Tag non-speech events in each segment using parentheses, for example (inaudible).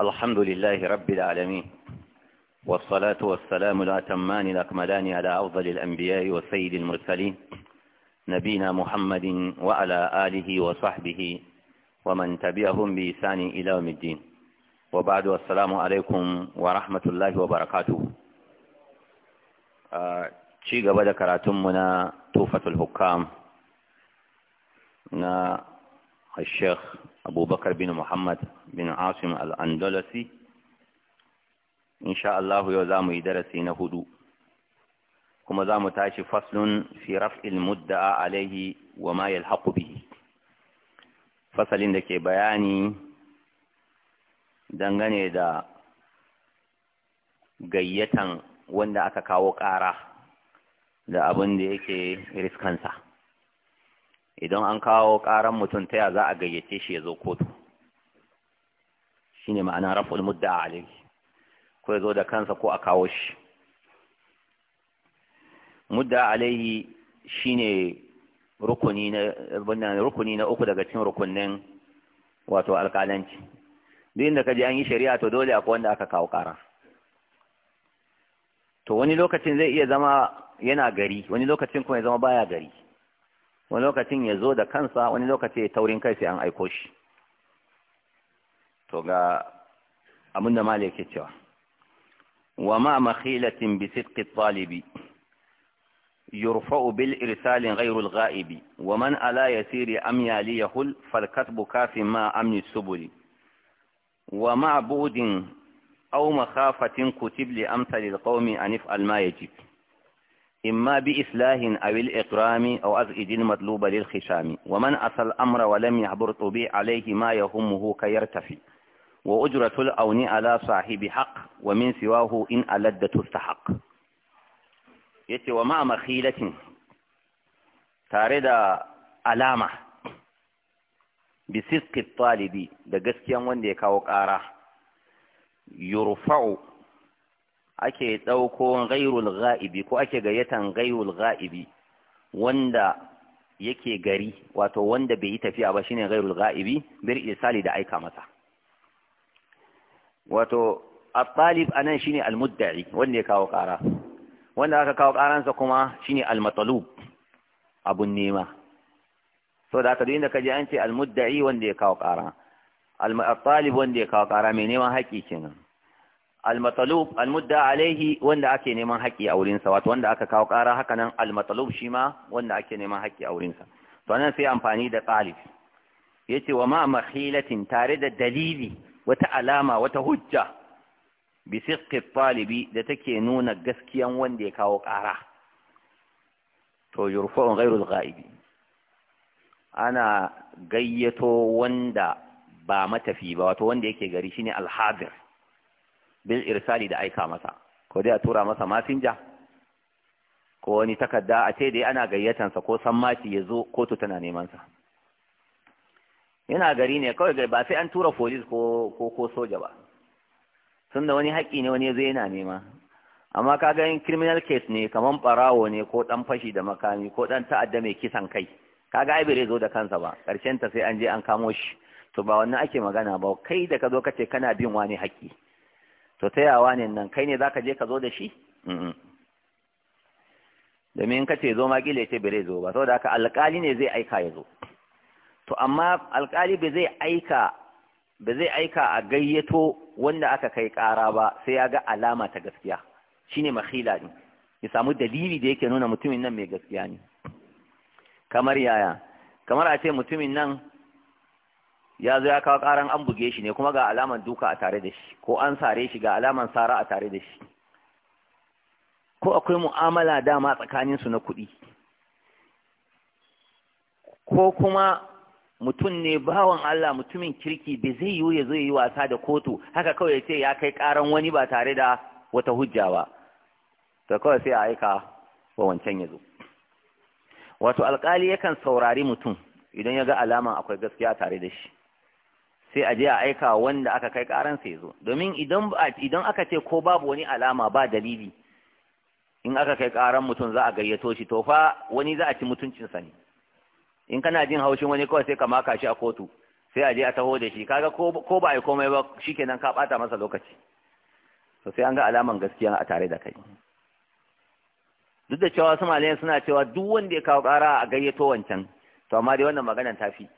الحمد لله رب العالمين والصلاة والسلام الأتمان الأكملان على أفضل الأنبياء وسيد المرسلين نبينا محمد وعلى آله وصحبه ومن تبعهم بإسان إلى يوم الدين وبعد السلام عليكم ورحمة الله وبركاته شيء قبل كراتمنا توفة الحكام الشيخ Abubakar bin Muhammad bin Asim al in insha'allahu Allah yau za mu yi darasi na hudu, kuma za mu tashi faslun fi raf’il mudda alaihi wa ma yi alhaƙubi. Fasalin da ke bayani dangane da gayyatan wanda aka kawo ƙara da abin da yake riskansa. idan an kawo ƙaran mutum ta ya za a gayyace shi ya zo kotu shi ne ma'ana raful mudda a alai ko ya zo da kansa ko a kawo shi mudda alaihi shi ne rukuni na uku daga cin rukunin wato alƙalanci duk inda ka ji an yi shari'a to dole akwai wanda aka kawo ƙara to wani lokacin zai iya zama yana gari wani lokacin kuma ya zama baya gari wani lokacin ya zo da kansa wani lokacin ya taurin kai sai an aiko shi to ga abin da mali yake cewa wa ma makhilatin bi sidqi talibi yurfa'u bil irsalin ghayru al gha'ibi wa man ala yasiri am yali yahul fal katbu kafi ma amni subuli wa ma budin aw makhafatin kutib li amsa al qawmi anif al ma إما بإسلاه أو الإقرام أو أزئد المطلوب للخشام ومن أتى الأمر ولم يعبر طبيع عليه ما يهمه كيرتفي وأجرة الأون على صاحب حق ومن سواه إن ألد تستحق يتي وما مخيلة تارد ألامة بصدق الطالب ده قسكيا وان ديكا وقارا يرفع ake ɗauko gairul ga'ibi ko ake gayyatan gairul ga'ibi wanda yake gari wato wanda bai yi tafiya ba shine gairul ga'ibi bir isali da aika masa wato at-talib anan shine al-mudda'i wanda ya kawo ƙara wanda aka kawo ƙaransa kuma shine al-matalub abun nema so da aka duk inda kaje an ce al-mudda'i wanda ya kawo ƙara al-talib wanda ya kawo ƙara mai neman haƙi kenan al almudda al-mudda alaihi wanda ake neman haƙƙi a wurin sa wato wanda aka kawo ƙara haka nan al-matalub shi ma wanda ake neman haƙƙi a wurin sa to nan sai amfani da qalib yace wa ma mahilatin tare da dalili wata alama wata hujja bi siqqi talibi da take nuna gaskiyan wanda ya kawo ƙara to yurfa'u ghairu al ana gayyato wanda ba matafi ba wato wanda yake gari shine al bil irsali da aika masa ko dai a tura masa masinja ko wani takarda a ce dai ana gayyatansa ko sammaci ya zo kotu tana neman sa yana gari ne kawai ba sai an tura folis ko ko ko soja ba da wani haƙƙi ne wani ya zo yana nema amma ka ga criminal case ne kaman barawo ne ko dan fashi da makami ko dan ta'adda mai kisan kai kaga ai bai zo da kansa ba karshen ta sai an je an kamo shi to ba wannan ake magana ba kai da ka zo ce kana bin wani haƙƙi to ta yawa ne nan kai ne za ka je ka zo da shi domin ka ce zo ma gile ce bere zo ba saboda haka alƙali ne zai aika ya zo to amma alkali aika ba zai aika a gayyato wanda aka kai ƙara ba sai ya ga alama ta gaskiya shine mahila ne ya samu dalili da yake nuna mutumin nan mai gaskiya ne kamar yaya kamar a ce mutumin nan ya zo ya kawo karan an buge shi ne kuma ga alaman duka a tare da shi ko an sare shi ga alaman sara a tare da shi ko akwai mu'amala dama tsakanin su na kuɗi ko kuma mutum ne bawan Allah mutumin kirki bai zai yiwu ya zo yi wasa da kotu haka kawai ya ce ya kai karan wani ba tare da wata hujja ba to kawai sai a aika wa wancan ya zo wato alkali yakan saurari mutum idan ya ga alaman akwai gaskiya tare da shi sai a je a aika wanda aka kai karan sai zo domin idan aka ce ko babu wani alama ba dalili in aka kai karan mutum za a gayyato shi to fa wani za a ci mutuncin sa ne in kana jin haushin wani kawai sai ka maka shi a kotu sai a je a taho da shi kaga ko ko ba ai komai ba shikenan ka bata masa lokaci to sai an ga alaman gaskiya a tare da kai duk da cewa su malayan suna cewa duk wanda ya kawo kara a gayyato wancan to amma dai wannan maganar ta fi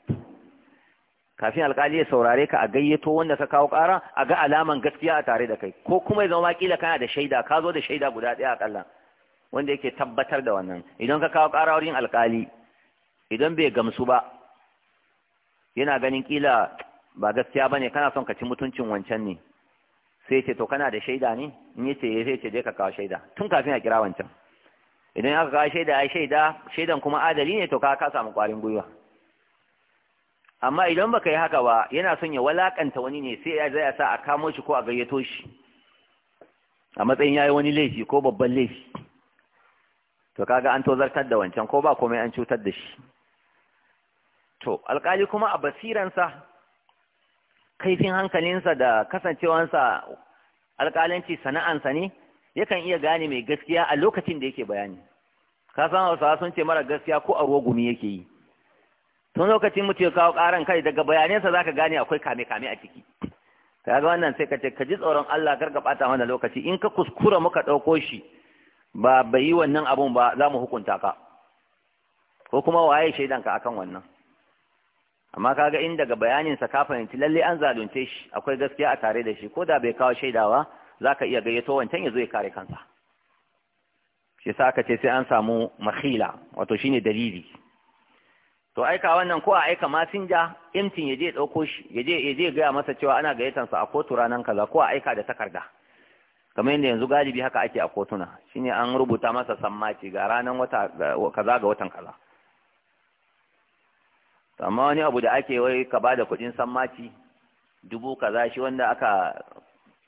kafin alkali ya saurare ka a gayyato wanda ka kawo ƙara a ga alaman gaskiya a tare da kai ko kuma ya zama kila kana da shaida ka zo da shaida guda ɗaya aƙalla. wanda yake tabbatar da wannan idan ka kawo ƙara wurin alkali idan bai gamsu ba yana ganin kila ba gaskiya bane kana son ka ci mutuncin wancan ne sai ce to kana da shaida ne in yace ya eh, sai ce dai ka kawo shaida tun kafin a kira wancan idan aka kawo shaida ya shaida shaidan kuma adali ne to ka ka samu ƙwarin gwiwa amma idan baka yi haka ba yana son ya walakanta wani ne sai ya zai sa a kamo shi ko a gayyato shi a matsayin yayi wani laifi ko babban laifi to kaga an tozartar da wancan ko ba komai an cutar da shi to alkali kuma a basiransa kaifin hankalinsa da kasancewansa alkalanci sana'ansa ne yakan iya gane mai gaskiya a lokacin da yake bayani ka san hausawa sun ce mara gaskiya ko a ruwa gumi yake yi tun lokacin mutum ya kawo ƙaran kai daga bayanansa zaka gane akwai kame kame a ciki kaga wannan sai ka ce ka ji tsoron Allah kar ka bata wannan lokaci in ka kuskura muka ɗauko shi ba bai yi wannan abun ba za mu hukunta ka ko kuma waye shaidan ka akan wannan amma ga in daga bayanin sa ka fahimci lalle an zalunce shi akwai gaskiya a tare da shi ko da bai kawo shaidawa zaka iya gayyato wancan ya zo ya kare kansa shi sa aka ce sai an samu makhila wato shine dalili to aika wannan ko a aika masinja imtin ya je shi ya je ya masa cewa ana sa a kotu ranar kaza ko a aika da takarda kamar yadda yanzu galibi haka ake a kotuna shine an rubuta masa sammaci ga ranar wata kaza ga watan kaza amma wani abu da ake wai ka bada kudin sammaci dubu kaza shi wanda aka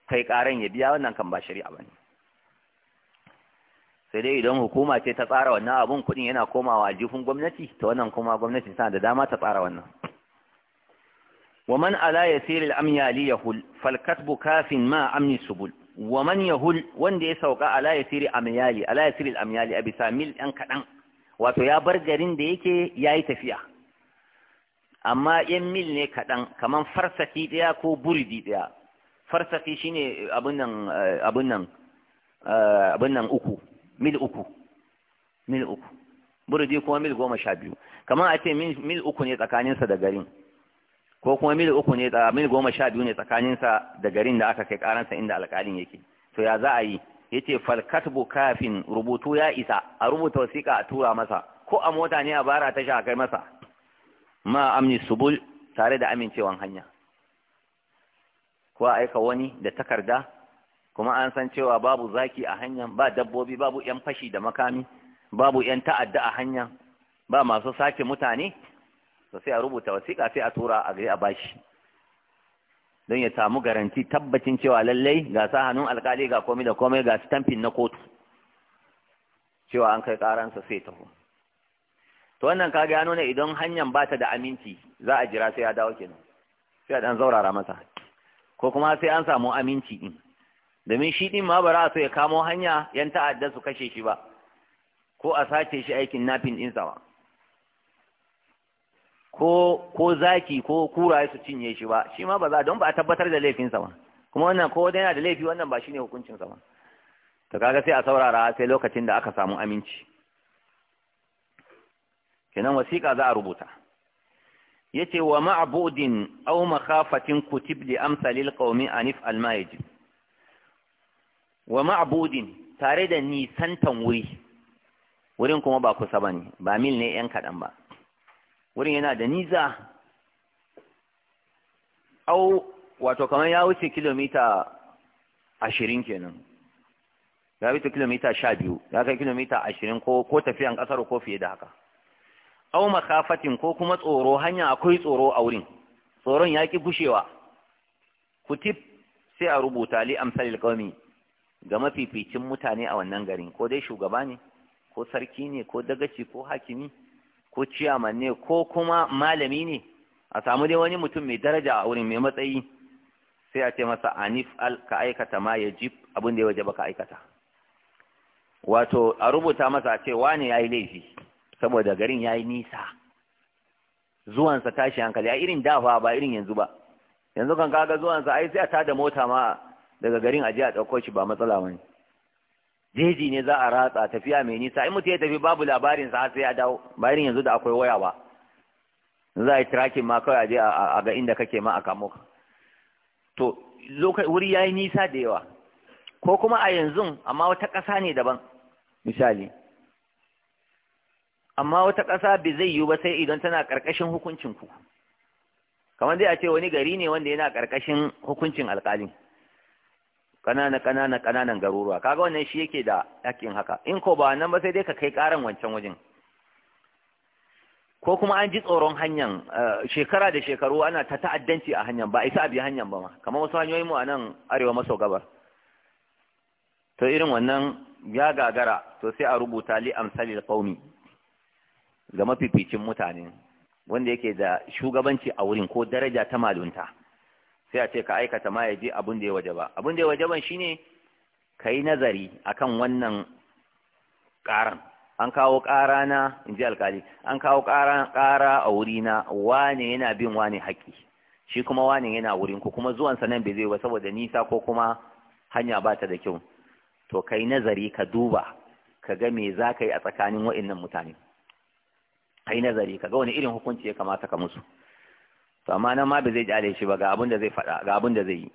kai ƙaran ya biya wannan kan ba shari'a bane sai dai idan hukuma ce ta tsara wannan abun kudin yana komawa a jifin gwamnati ta wannan kuma gwamnati tana da dama ta tsara wannan ومن ألا يسير الأمن يهل فالكتب كاف ma أمن السبل ومن Yahul wanda ya sauka ala yasiri amyali ala yasiri al-amyali abi samil an kadan wato ya bar garin da yake yayi tafiya amma yan mil ne kaɗan kamar farsafi ɗaya ko buridi ɗaya, farsafi shine abun nan eh, eh, nan uku mil uku mil uku burji kuma mil goma sha biyu kamar a ce mil uku ne tsakaninsa da garin ko kuma mil uku ne mil goma sha biyu ne tsakaninsa da garin da aka kai karansa inda alƙalin yake to ya za a yi Ya yace falkatbu kafin rubutu ya isa a rubuta wasiƙa a tura masa ko a mota ne a bara ta sha kai masa ma amni subul tare da amincewan hanya ko a aika wani da takarda kuma an san cewa babu zaki a hanyar ba dabbobi babu yan fashi da makami babu yan ta'adda a hanyar ba masu sake mutane to sai a rubuta wasiƙa sai a tura a gari a bashi don ya samu garanti tabbacin cewa lallai ga sa hannun alkali ga komai da komai ga stampin na kotu cewa an kai karansa sai taho to wannan kaga ya nuna idan hanyar ba ta da aminci za a jira sai ya dawo kenan sai a dan zaurara masa ko kuma sai an samu aminci din domin shi ɗin ma ba za a so ya kamo hanya yan ta'adda su kashe shi ba ko a sace shi aikin nafin ɗinsa ba ko zaki ko kura su cinye shi ba shi ma ba za don ba a tabbatar da laifinsa ba kuma wannan ko wadda yana da laifi wannan ba shine hukuncinsa ba to kaga sai a saurara sai lokacin da aka samu aminci kenan wasiƙa za a rubuta yace wa ma'budin aw makhafatin kutib li amsalil qaumi anif al-mayjid wa ma'budin tare da nisantan wuri wurin kuma ba kusa ba ne ba mil ne yan kaɗan ba wurin yana da niza au wato kamar ya wuce kilomita ashirin kenan ya wuce kilomita sha biyu ya kai kilomita ashirin ko tafiyan ƙasar ko fiye da haka au makafatin ko kuma tsoro hanya akwai tsoro a wurin tsoron ya ki gushewa kutib sai a rubuta li amsalil qaumi ga mafificin mutane a wannan garin ko dai shugaba ne ko sarki ne ko dagaci ko hakimi ko ciyaman ne ko kuma malami ne a samu dai wani mutum mai daraja a wurin mai matsayi sai a ce masa anif al ka aikata ma ya jib abin da ya waje baka aikata wato a rubuta masa a ce wane ya yi laifi saboda garin ya yi nisa zuwansa tashi hankali a irin dafa ba irin yanzu ba yanzu kan kaga zuwansa ai sai a tada mota ma daga garin aje a ɗauko shi ba matsala wani jeji ne za a ratsa tafiya mai nisa in mutum ya tafi babu labarin sa sai ya dawo bayan yanzu da akwai waya ba za a yi tracking ma kawai aje a ga inda kake ma a kamo ka to wuri ya yi nisa da yawa ko kuma a yanzu amma wata ƙasa ne daban misali amma wata ƙasa bai zai yiwu ba sai idan tana ƙarƙashin hukuncin ku kamar dai a ce wani gari ne wanda yana ƙarƙashin hukuncin alƙalin kanana kanana kananan garuruwa kaga wannan shi yake da hakkin haka in ko ba nan ba sai dai ka kai karan wancan wajen ko kuma an ji tsoron hanyar eh, shekara da shekaru ana ta ta'addanci a hanyar ba a isa a bi hanyar ba ma kamar wasu hanyoyin mu a nan arewa maso gabar to irin wannan ya gagara to sai a rubuta li amsalil qaumi ga mafificin mutane wanda yake da shugabanci a wurin ko daraja ta malunta sai a ce ka aikata ma ya je abin da ya waje ba abin da ya waje ban ne ka yi nazari akan wannan ƙaran an kawo ƙara na in ji alkali an kawo ƙara a wuri na wane yana bin wane haƙƙi shi kuma wane yana wurin ku kuma zuwansa nan bai zai ba saboda nisa ko kuma hanya ba ta da kyau to kai nazari ka duba ka ga me za ka yi a tsakanin wa'innan mutane kai nazari ka ga wani irin hukunci ya kamata ka musu to amma nan ma ba zai jale shi ba ga abin da zai faɗa ga abin da zai yi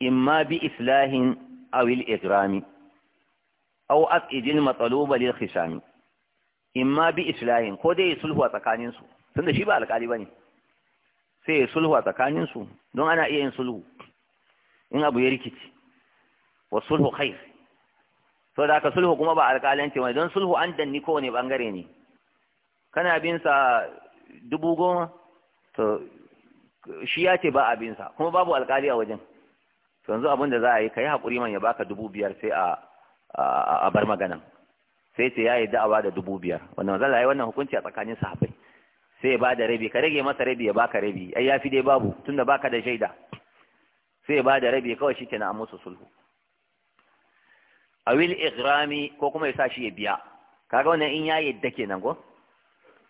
in ma bi islahin awil igrami aw asijil matsaluba lil khisami in ma bi islahin ko dai sulhu a tsakanin su tunda shi ba alƙali bane sai sulhu a tsakanin su don ana iya yin sulhu in abu ya rikici wa sulhu khair to da ka sulhu kuma ba alƙalanci wani don sulhu an danni kowane bangare ne kana bin sa dubu goma so shi ya ce ba abinsa kuma babu alkali a wajen to yanzu abin da za a yi ka yi haƙuri man ya baka dubu biyar sai a bar maganan sai ce ya yi da'awa da dubu biyar wannan zan ya yi wannan hukunci a tsakanin sahabbai sai ya ba da rabi ka rage masa rabi ya baka rabi ai ya fi dai babu tunda baka da shaida sai ya ba da rabi kawai shi a musu sulhu awil igrami ko kuma ya sa shi ya biya kaga wannan in ya yadda kenan go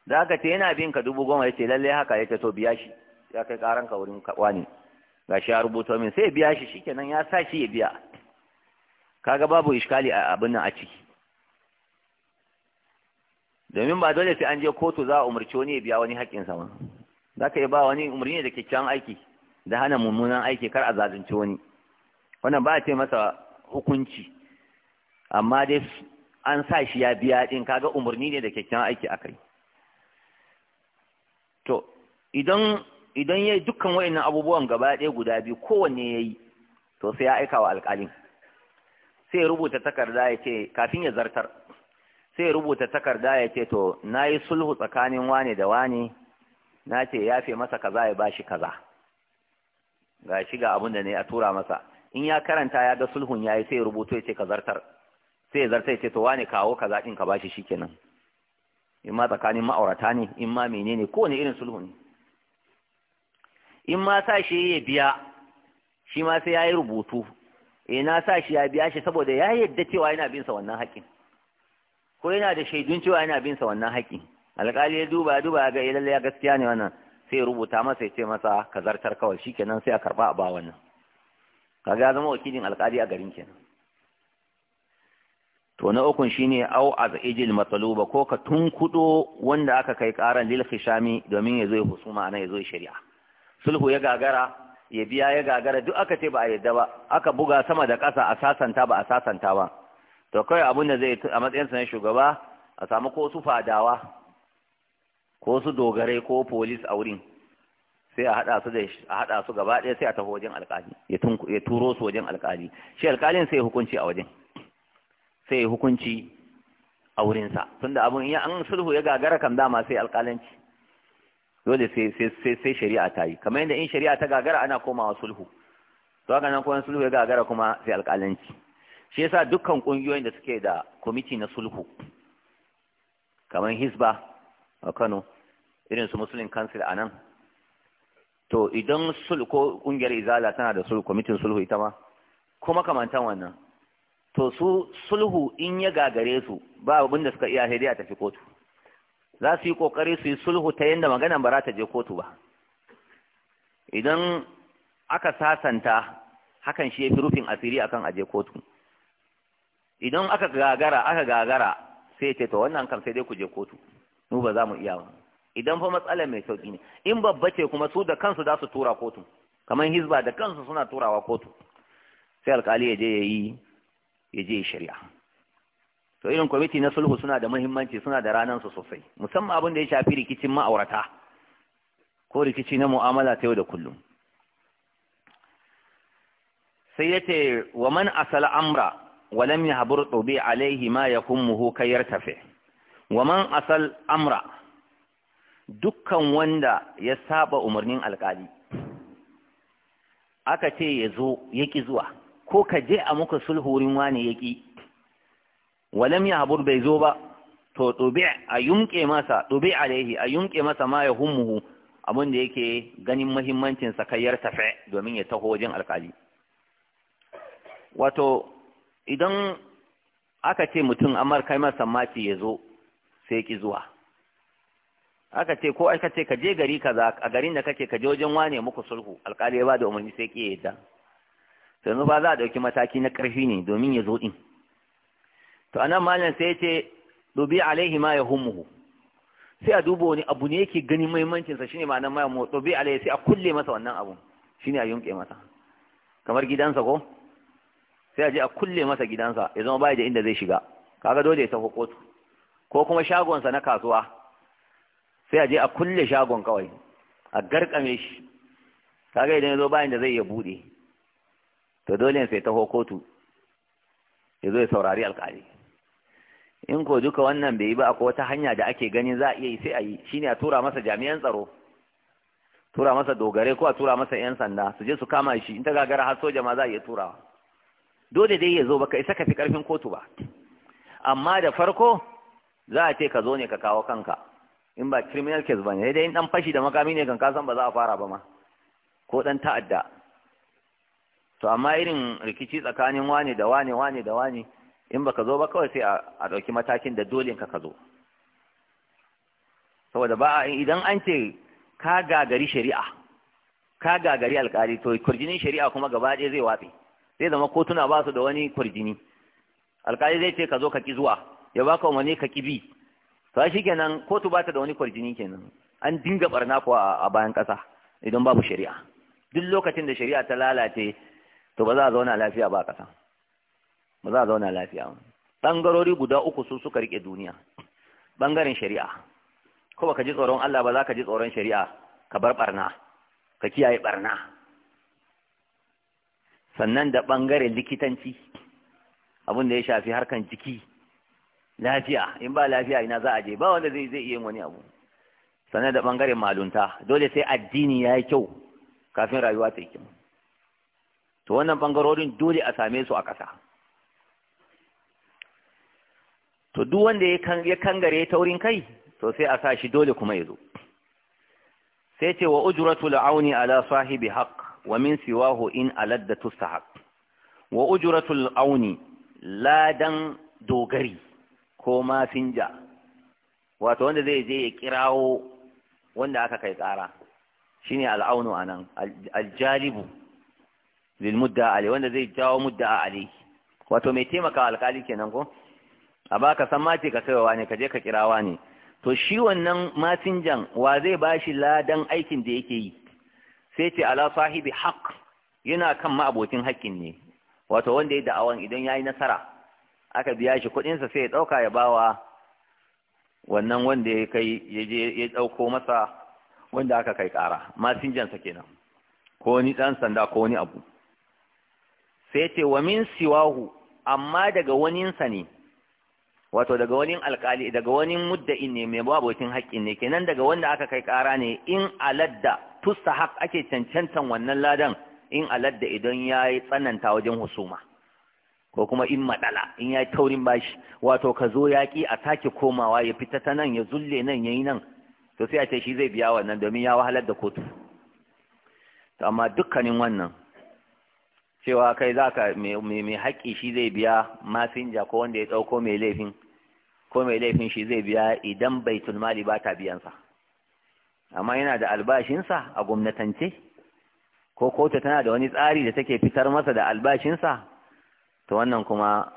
da aka ce yana bin ka dubu goma ya ce lallai haka ya ce to biya shi ya kai karan ka wurin kaɓa ne ga shi ya rubuta min sai biya shi kenan ya sa shi ya biya kaga babu iskali a abin nan a ciki domin ba dole sai an je kotu za a umarci wani ya biya wani haƙƙin sama za ka iya ba wani umarni ne da kyakkyawan aiki da hana mummunan aiki kar a zazunci wani wannan ba a ce masa hukunci amma dai an sa shi ya biya din kaga umarni ne da kyakkyawan aiki a kai. to idan idan yayi dukkan wayannan abubuwan gaba ɗaya guda biyu kowanne yayi to sai ya aika wa alƙalin sai ya rubuta takarda ya ce kafin ya zartar sai ya rubuta takarda ya ce to na yi sulhu tsakanin wane da wane na ce ya fi masa kaza ya bashi kaza ga shi ga abin da ne a tura masa in ya karanta ya ga sulhun ya yi sai ya rubuto ya ce ka zartar sai ya zartar ya ce to wane kawo kaza ɗin ka bashi shikenan in ma tsakanin ma'aurata ne in ma menene kowane irin sulhu ne in ma sa shi ya biya shi ma sai ya yi rubutu Ina eh, sa shi ya biya shi saboda ya yadda cewa yana bin wannan haƙƙin ko yana da shaidun cewa yana bin wannan haƙƙin alƙali ya duba ya duba ya ga ilalle eh, ya gaskiya ne wannan sai rubuta masa ya ce masa ka zartar kawai kenan sai a karba a ba wannan kaga ya zama wakilin alƙali a garin kenan to na ukun shine au ijil matsaluba ko ka tunkudo wanda aka kai karan lil khishami domin ya ya husuma ana ya shari'a sulhu ya gagara ya biya ya gagara duk aka ce ba a yarda ba aka buga sama da kasa a sasanta ba a sasanta ba to kai abun da zai a matsayinsa na shugaba a samu ko su fadawa ko su dogare ko police a wurin sai a haɗa su da a hada su gaba ɗaya sai a taho wajen alƙali ya turo su wajen alƙali shi alƙalin sai hukunci a wajen sai hukunci a wurinsa tunda abun ya an sulhu ya gagara kam dama sai alƙalanci dole sai shari'a ta yi kamar yadda in shari'a ta gagara ana komawa sulhu to haka nan kuma sulhu ya gagara kuma sai alƙalanci shi yasa dukkan ƙungiyoyin da suke da kwamiti na sulhu kamar hisba a kano irin su muslim council a nan to idan sulhu ko ƙungiyar izala tana da sulhu kwamitin sulhu ita ma kuma kamantan wannan to su sulhu in ya gagare su ba abin da suka iya sai a tafi kotu za su yi kokari su yi sulhu ta yadda magana ba za ta je kotu ba idan aka sasanta hakan shi ya fi rufin asiri akan aje kotu idan aka gagara aka gagara sai ce to wannan kam sai dai ku je kotu mu ba za mu iya ba idan fa matsala mai sauki ne in babba ce kuma su da kansu za su tura kotu kamar hizba da kansu suna turawa kotu sai alkali ya je ya yi ya je shirya to irin kwamiti na sulhu suna da muhimmanci suna da ranar su sosai musamman abin da ya shafi rikicin ma'aurata ko rikici na mu'amala ta yau da kullum sai yace wa man asal amra wa lam yahbur tubi alaihi ma yakumuhu kayar tafe wa man asal amra dukkan wanda ya saba umarnin alkali aka ce ya zo yaki zuwa ko ka je a muka sulhu wurin wane ya ƙi walam ya habur bai zo ba to ɗobe a yumƙe masa ɗobe alaihi a yumƙe masa ma ya hummuhu abin da yake ganin mahimmancin sa kayyar tafe domin ya taho wajen alkali wato idan aka ce mutum amar kai masa mati ya zo sai ki zuwa aka ce ko aka ce ka je gari kaza a garin da kake ka je wajen wane muku sulhu alkali ya ba da umarni sai ki yadda sannu ba za a ɗauki mataki na ƙarfi ne domin ya zo ɗin to anan malam sai ce dubi alaihi ma ya hummuhu sai a duba wani abu ne yake ganin muhimmancinsa shine ma'anar ma mu dubi alaihi sai a kulle masa wannan abun shine a yunke masa kamar gidansa ko sai a je a kulle masa gidansa ya zama bai da inda zai shiga kaga dole ya tafi kotu ko kuma shagonsa na kasuwa sai a je a kulle shagon kawai a garkame shi kaga idan ya zo bayan da zai ya bude to dole sai taho kotu ya zo ya saurari alkali in ko duka wannan bai yi ba akwai wata hanya da ake ganin za a iya yi sai a yi shine a tura masa jami'an tsaro tura masa dogare ko a tura masa yan sanda su je su kama shi in ta gagara har soja ma za a iya turawa dole dai ya zo baka isa ka fi karfin kotu ba amma da farko za a ce ka zo ne ka kawo kanka in ba criminal case bane dai in dan fashi da makami ne kan kasan ba za a fara ba ma ko dan ta'adda to amma irin rikici tsakanin wane da wane wane da wane in baka zo ba kawai sai a ɗauki matakin da dole ka ka zo saboda ba idan an ce ka gagari shari'a ka gagari alkali to kurjinin shari'a kuma gaba ɗaya zai watsi zai zama kotuna ba su da wani kurjini alkali zai ce ka zo ka ki zuwa ya baka umarni ka ki bi to shi kenan kotu ba ta da wani kurjini kenan an dinga barna ko a bayan ƙasa idan babu shari'a duk lokacin da shari'a ta lalace to ba za a zauna lafiya ba kasa ba za a zauna lafiya ɓangarori guda uku su suka rike duniya ɓangaren shari'a ko ba ka ji tsoron Allah ba za ka ji tsoron shari'a ka bar ɓarna ka kiyaye ɓarna sannan da ɓangaren likitanci abin da ya shafi harkan jiki lafiya in ba lafiya ina za a je ba wanda zai zai iya wani abu sannan da bangaren malunta dole sai addini ya yi kyau kafin rayuwa ta yi kyau to wannan bangarorin dole a same su a ƙasa to duk wanda ya kangare taurin kai to sai a sa shi dole kuma ya zo sai ce wa ujuratu la'auni ala sahibi haq wa min siwahu in aladda tustahaq wa ujuratu la'auni ladan dogari ko masinja wato wanda zai je ya kirawo wanda aka kai tsara shine al'aunu nan, aljalibu lil mudda alai wanda zai jawo mudda alai wato mai taimaka alkali kenan ko a baka san mace ka kaiwa ne ka je ka kirawa ne to shi wannan masinjan wa zai bashi ladan aikin da yake yi sai ce ala sahibi haq yana kan ma'abokin haƙƙin ne wato wanda ya da'awan idan ya yi nasara aka biya shi kuɗin sa sai ya dauka ya bawa wannan wanda ya kai ya masa wanda aka kai ƙara masinjan kenan ko ni dan sanda ko wani abu sai ce wa min siwahu amma daga waninsa ne wato daga wani alkali daga wani mudda'in ne mai babotin haƙƙin ne kenan daga wanda aka kai ƙara ne in aladda tusta haƙ ake cancantan wannan ladan in aladda idan ya tsananta wajen husuma ko kuma in maɗala in ya yi taurin bashi wato ka zo yaƙi a sake komawa ya fita ta nan ya zulle nan ya yi nan to sai a ce shi zai biya wannan domin ya wahalar da kotu to amma dukkanin wannan cewa kai za ka mai haƙƙi shi zai biya masinja ko wanda ya ɗauko mai laifin ko mai laifin shi zai biya idan bai mali ba ta biyansa amma yana da albashinsa a gwamnatance ko kotu tana da wani tsari da take fitar masa da albashinsa to wannan kuma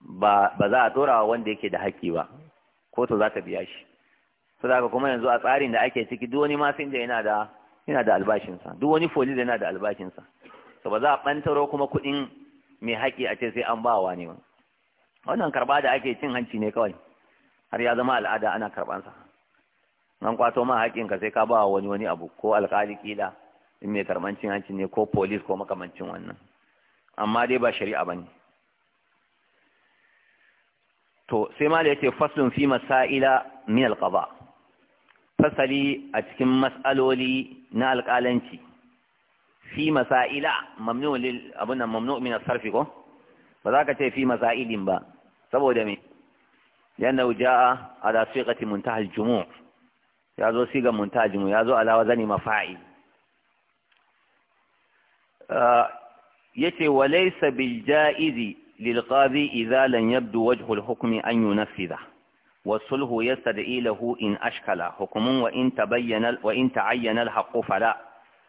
ba za a tsora wanda yake da haƙƙi ba kotu za ta biya shi su ka kuma yanzu a tsarin da ake ciki duk wani masinja yana da albashinsa duk wani folis yana da albashinsa to ba za a ɓantaro kuma kuɗin mai haƙi a ce sai an bawa ne wannan karɓa da ake cin hanci ne kawai har ya zama al'ada ana karɓansa an kwato ma ka sai ka ba wani wani abu ko alƙali kila in mai karɓan cin hanci ne ko polis ko makamancin wannan amma dai ba shari'a ba ne to sai ma da ya ce faslun fi masa'ila min alƙaba fasali a cikin mas'aloli na alƙalanci في مسائل ممنوع لل أبونا ممنوع من الصرف كو فذاك شيء في مسائل با سبوا دمي لأنه جاء على صيغة منتهى الجموع يا يازو صيغة منتهى الجموع يا يازو على وزن مفاعل آه، يتي وليس بالجائز للقاضي إذا لن يبدو وجه الحكم أن ينفذه وصله يستدعي له إن أشكل حكم وإن, تبين وإن تعين الحق فلا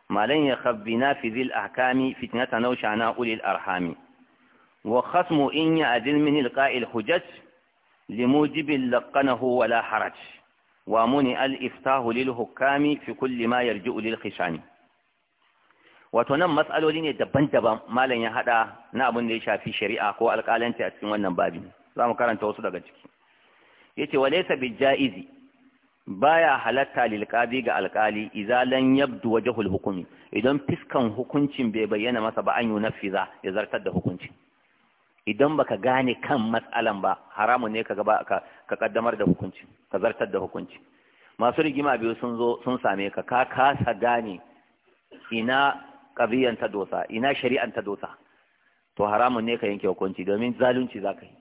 ما لن يخف بنافذ الأحكام فتنة نوشعنا أولي الأرحام وخصم إن يأذل من إلقاء الحجج لموجب لقنه ولا حرج ومنع الإفتاه للحكام في كل ما يرجع للخشان وتنم مسألة لين يدبن دبا ما لن يهدى نعب ليش في شريعة قوى القالنة أتسمى النبابين لا مكارن توصل لك يتي وليس بالجائزي baya halatta lil ga alkali idan lan yabdu wajhul hukmi idan fiskan hukuncin bai bayyana masa ba an yunfiza ya zartar da hukunci idan baka gane kan matsalan ba haramun ne ka ba ka kaddamar da hukunci ka zartar da hukunci masu rigima biyu sun zo sun same ka ka kasa gane ina qadiyan ta dosa ina shari'an ta dosa to haramun ne ka yanke hukunci domin zalunci zaka yi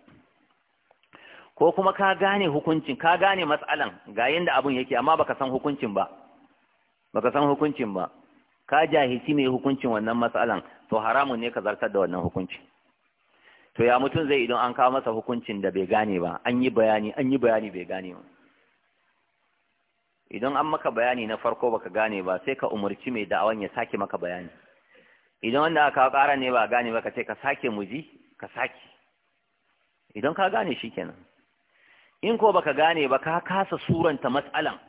ko kuma ka gane hukuncin ka gane matsalan ga yanda abun yake amma baka san hukuncin ba baka san hukuncin ba ka jahilci ne hukuncin wannan matsalan to haramun ne ka zartar da wannan hukuncin to ya mutum zai idan an kawo masa hukuncin da bai gane ba an yi bayani an yi bayani bai gane ba idan an maka bayani na farko baka gane ba sai ka umarci mai da'awan ya sake maka bayani idan wanda aka kawo ƙara ne ba gane ba ka ce ka sake muji ka sake idan ka gane shikenan in ko baka gane ba ka kasa suranta matsalan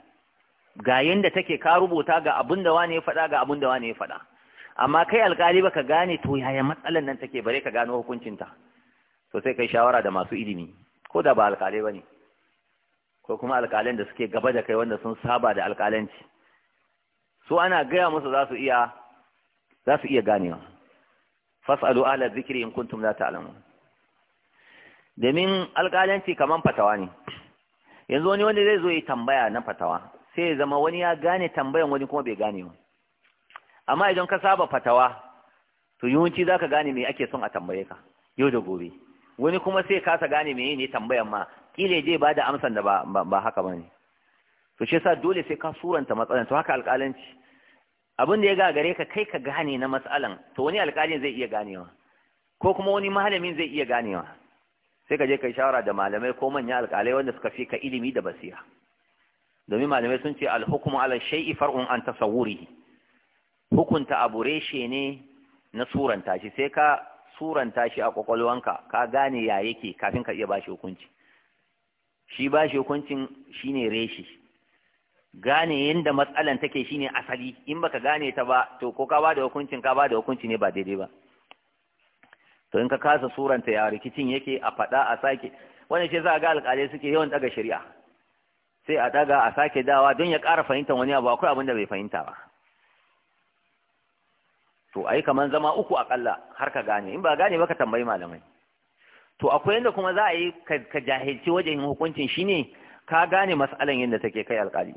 ga yanda take ka rubuta ga abin da wani ya faɗa ga abin da wani ya faɗa amma kai alkali baka gane to yaya matsalan nan take bare ka gano hukuncinta to sai kai shawara da masu ilimi ko da ba alkalai bane ko kuma alkalan da suke gaba da kai wanda sun saba da alkalanci su ana gaya musu za su iya za su iya ganewa fasalu ala zikri in kuntum la ta'lamun domin alƙalanci kamar fatawa ne yanzu wani wanda zai zo yi tambaya na fatawa sai zama wani ya gane tambayan wani kuma bai gane ba amma idan ka saba fatawa to yawanci ka gane me ake son a tambaye ka yau da gobe wani kuma sai kasa gane me ne tambayan ma kile je ba da amsan da ba ba ne, to shi sa dole sai ka suranta matsalan to haka alƙalanci abin da ya ga gare ka kai ka gane na matsalan to wani alƙalin zai iya ganewa ko kuma wani malamin zai iya ganewa sai ka je ka shawara da malamai ko manyan alƙalai wanda suka fi ka ilimi da basira domin malamai sun ce alhukumu ala shay'i far'un an tasawwurihi hukunta abu reshe ne na suranta shi sai ka suranta shi a kwakwalwanka ka gane ya yake kafin ka iya bashi hukunci shi bashi hukuncin shine reshe gane yadda matsalan take shine asali in baka gane ta ba to ko ka bada hukuncin ka bada hukunci ne ba daidai ba to in ka kasa suranta ya rikicin yake a faɗa a sake wani ce za ga alƙalai suke yawan daga shari'a sai a daga a sake dawa don ya ƙara fahimta wani abu akwai abin da bai fahimta ba to ai kaman zama uku ƙalla har ka gane in ba gane ba ka tambayi malamai to akwai yanda kuma za a yi ka jahilci wajen hukuncin shine ka gane mas'alan yadda take kai alƙali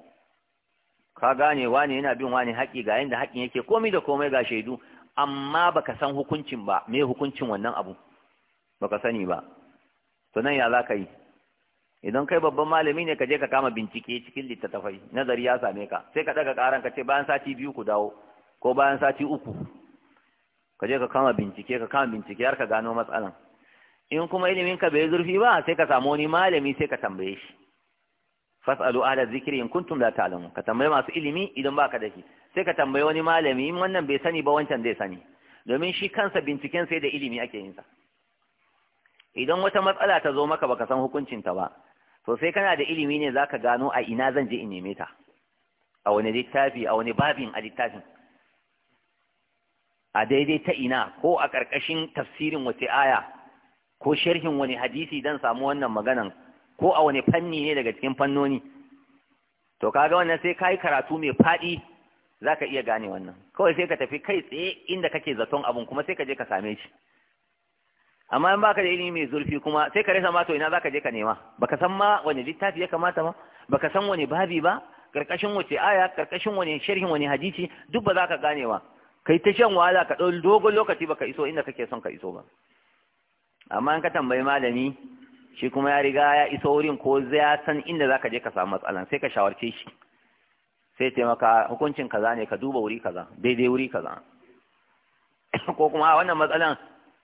ka gane wani yana bin wani haƙi ga yadda haƙin yake komai da komai ga shaidu amma baka san hukuncin ba me hukuncin wannan abu baka sani ba to nan ya za ka yi idan kai babban malami ne ka je ka kama bincike cikin littattafai nazari ya same ka sai ka daga karan ka ce bayan sati biyu ku dawo ko bayan sati uku ka je ka kama bincike ka kama bincike har ka gano matsalan in kuma ilimin ka bai zurfi ba sai ka samu wani malami sai ka tambaye shi fasalu ala zikri in kuntum la ta'lamun ka tambaye masu ilimi idan baka da shi sai ka tambayi wani malami in wannan bai sani ba wancan zai sani domin shi kansa binciken sai da ilimi ake yinsa idan wata matsala ta zo maka baka san hukuncin ta ba to sai kana da ilimi ne zaka gano a ina zan je in neme ta a wani littafi a wani babin a littafin a daidai ta ina ko a ƙarƙashin tafsirin wace aya ko sharhin wani hadisi dan samu wannan maganan ko a wani fanni ne daga cikin fannoni to kaga wannan sai kai karatu mai faɗi za ka iya gane wannan kawai sai ka tafi kai tsaye inda kake zaton abun kuma sai ka je ka same shi amma in baka da ilimi mai zurfi kuma sai ka rasa mato ina za ka je ka nema baka san ma wani littafi ya kamata ba baka san wani babi ba karkashin wace aya karkashin wani sharhin wani hadisi duk ba za ka gane ba kai ta shan wahala ka ɗau dogon lokaci ka iso inda kake son ka iso ba amma in ka tambayi malami shi kuma ya riga ya iso wurin ko ya san inda za ka je ka samu matsalan sai ka shawarce shi sai ce maka hukuncin kaza ne ka duba wuri kaza daidai wuri kaza (coughs) ko kuma a wannan matsalan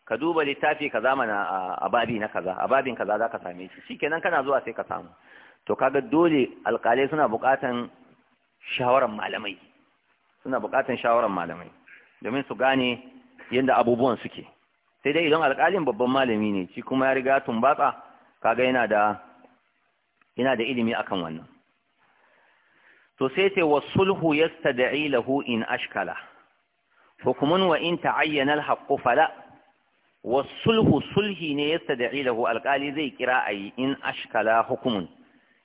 ka duba littafi kaza mana a babi na kaza a babin kaza za ka same shi shikenan kana zuwa sai ka samu to kaga dole alkalai suna buƙatan shawaran malamai suna buƙatan shawaran malamai domin su gane yadda abubuwan suke sai dai idan alkalin babban malami ne shi kuma ya riga tumbatsa kaga yana da yana da ilimi akan wannan to sai ce wa sulhu yastad'i lahu in ashkala hukumun wa in ta'ayyana al fala wa sulhu sulhi ne yastad'i lahu alƙali zai kira ayi in ashkala hukumun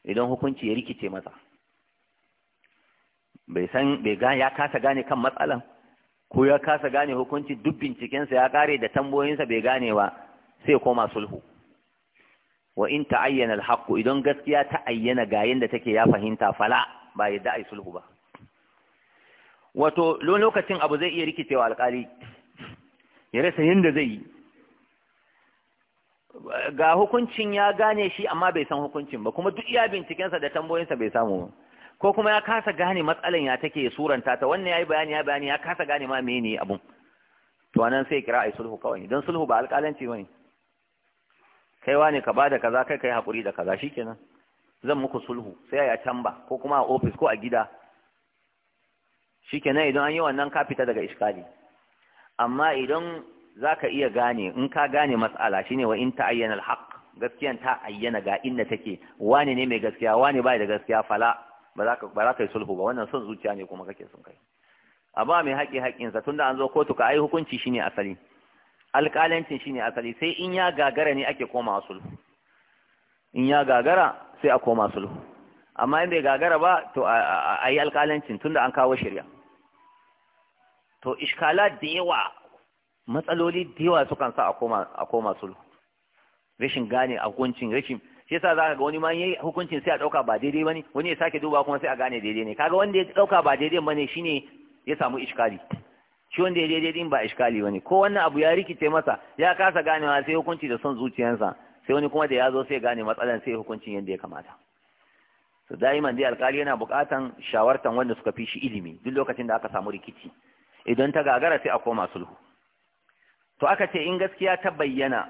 idan hukunci ya rikice masa bai san bai ga ya kasa gane kan matsalan ko ya kasa gane hukunci duk bincikensa ya kare da tambayoyinsa bai gane ba sai koma sulhu wa in ta'ayyana al idan gaskiya ta ayyana ga yanda take ya fahimta fala ba yadda ai sulhu ba wato lokacin abu zai iya rikicewa alkali ya rasa yadda zai yi ga hukuncin ya gane shi amma bai san hukuncin ba kuma duk iya bincikensa da tamboyinsa bai samu ko kuma ya kasa gane matsalan ya take suranta ta wannan yayi bayani ya bayani ya kasa gane ma ne abun to anan sai kira ai sulhu kawai dan sulhu ba alƙalanci bane kaiwa ne ka bada kaza kai kai hakuri da kaza shikenan zan muku sulhu sai ya tamba ko kuma a ofis ko a gida shikenan idan an yi wannan ka fita daga iskali amma idan zaka iya gane in ka gane mas'ala shine wa in ta'ayyana alhaq gaskiyan ta ayyana ga inda take wane ne mai gaskiya wane bai da gaskiya fala ba za ka yi sulhu ba wannan son zuciya ne kuma kake son kai amma mai haƙi haƙinsa tunda an zo kotu ka ai hukunci shine asali alƙalancin shine asali sai in ya gagara ne ake komawa sulhu in ya gagara sai a koma sulhu amma in bai gagara ba to a yi alƙalancin tunda an kawo shirya to iskala da yawa matsaloli da yawa sukan sa a koma sulhu rashin gane a hukuncin rashin shi yasa zaka ga wani ma yayi hukuncin sai a dauka ba daidai bane wani ya sake duba kuma sai a gane daidai ne kaga wanda ya dauka ba daidai bane shine ya samu iskali shi wanda ya daidai din ba iskali bane ko wannan abu ya rikice masa ya kasa ganewa sai hukunci da son zuciyarsa sai wani kuma da ya zo sai gane matsalan sai hukuncin yadda ya kamata Su da'iman dai alkali yana bukatan shawartan wanda suka fi shi ilimi duk lokacin da aka samu rikici idan ta gagara sai a koma sulhu to aka ce in gaskiya ta bayyana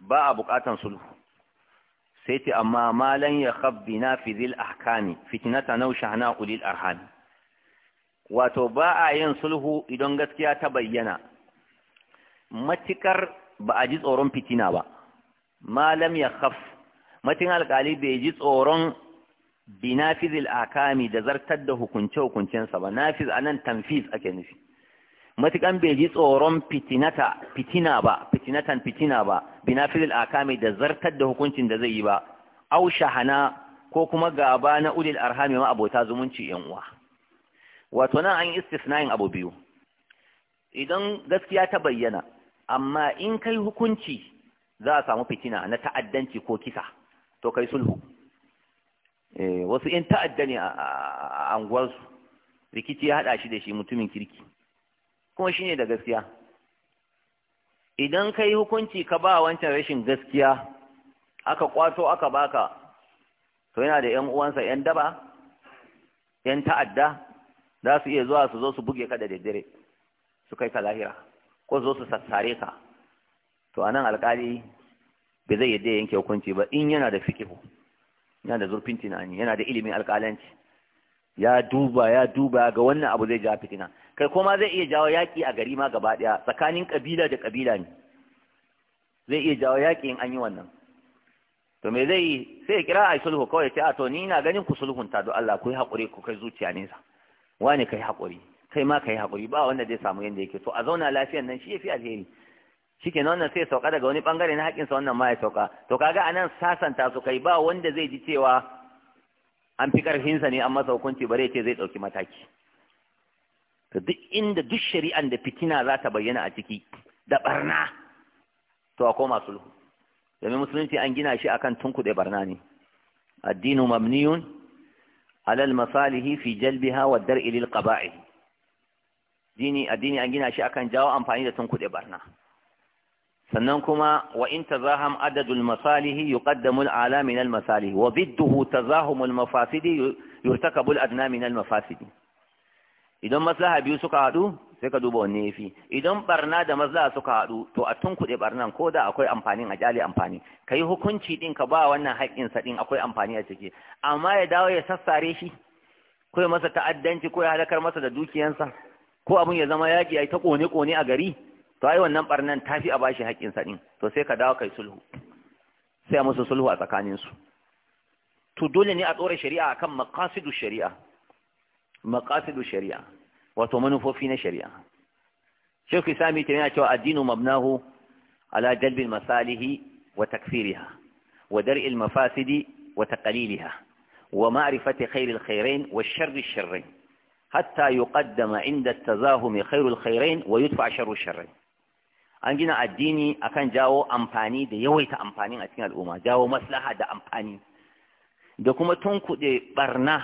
ba a bukatan sulhu sai ce amma malan ya khabbi na fi zil ahkami fitnata nau shahna ulil arhami wato ba a yin sulhu idan gaskiya ta bayyana matikar ba a ji tsoron fitina ba malam ya khaf matin alkali bai ji tsoron binafizil akami da zartar da hukunce hukuncensa ba nafiz anan tanfiz ake nufi matukan bai ji tsoron fitinata fitina ba fitinatan fitina ba binafizil akami da zartar da hukuncin da zai yi ba au shahana ko kuma gaba na ulil arhami ma abota zumunci yan uwa wato nan an istisnain abu biyu idan gaskiya ta bayyana amma in kai hukunci za a samu fitina na ta'addanci ko kisa to kai sulhu eh, wasu in ta'adda ne a anguwarsu rikici ya haɗa shi da shi mutumin kirki kuma ne da gaskiya idan kai hukunci ka ba wancan rashin gaskiya aka kwato aka baka to yana da 'yan uwansa 'yan daba 'yan ta'adda za su iya zuwa su zo su buge ka da daddare su kai ka lahira ko zo su sassare ka to anan alkali ba zai yadda yanke hukunci ba in yana da fikihu yana da zurfin tunani yana da ilimin alkalanci ya duba ya duba ga wannan abu zai ja fitina kai kuma zai iya jawo yaki a gari ma gaba daya tsakanin kabila da kabila ne zai iya jawo yaki in an yi wannan to me zai sai ya kira a sulhu kawai ya ce a to ni ina ganin ku sulhunta don Allah ku yi haƙuri ku kai zuciya nesa wani kai haƙuri kai ma kai haƙuri ba wanda zai samu yanda yake to a zauna lafiyan nan shi yafi alheri shike na wannan sai sauka daga wani bangare na haƙƙinsa wannan ma ya sauka to kaga anan sasanta su kai ba wanda zai ji cewa an fi ƙarfinsa ne an masa hukunci bare ce zai ɗauki mataki to duk inda duk shari'an da fitina za ta bayyana a ciki da barna to a koma sulhu domin musulunci an gina shi akan tunkuɗe barna ne addinu mamniyun alal masalihi fi jalbiha wa dar'i lil dini addini an gina shi akan jawo amfani da tunkuɗe barna sannan kuma wa in tazaham adadul masalihi yuqaddamu al'ala min al masalihi wa bidduhu tazahum mafasidi yurtakabu adna min al mafasidi idan maslaha biyu suka hadu sai ka duba wanne yafi idan barna da maslaha suka hadu to a tunkuɗe barnan ko da akwai amfanin a kyale amfani kai hukunci din ka ba wannan haƙƙin sa din akwai amfani a ciki amma ya dawo ya sassare shi ko ya masa ta'addanci ko ya halakar masa da dukiyansa ko abun ya zama yaƙi ya ta kone kone a gari to ai wannan barnan tafi a bashi haƙƙin sa din to sai ka dawo kai sulhu sai a musu sulhu a tsakanin su to dole ne a tsora shari'a akan maqasidu shari'a maqasidu shari'a wato manufofi na shari'a shekhu sami tana cewa addinu mabnahu ala jalbi masalihi wa takfiriha wa dar'il mafasidi wa taqliliha wa ma'rifati khairil khairain wa sharri sharrain hatta yuqaddama inda at-tazahumi khairul khairain wa yudfa sharru sharrain an gina addini akan jawo amfani da yawaita amfanin a cikin al'umma jawo maslaha da amfani da kuma tunkuɗe barna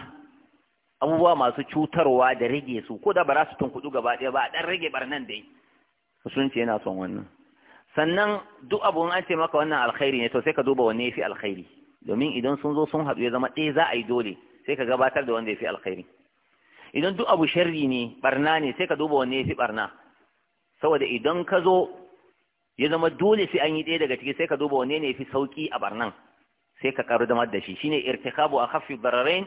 abubuwa masu cutarwa da rage su ko da ba za su tunkuɗu gaba ɗaya ba a ɗan rage barnan dai sun ce yana son wannan sannan duk abu an ce maka wannan alkhairi ne to sai ka duba wanne ya fi alkhairi domin idan sun zo sun haɗu ya zama ɗaya za a yi dole sai ka gabatar da wanda ya fi alkhairi idan duk abu sharri ne barna ne sai ka duba wanne ya fi barna saboda idan ka zo ya zama dole sai an yi ɗaya daga ciki sai ka duba wanne ne fi sauki a barnan sai ka karu da da shi shine irtikabu hafi bararain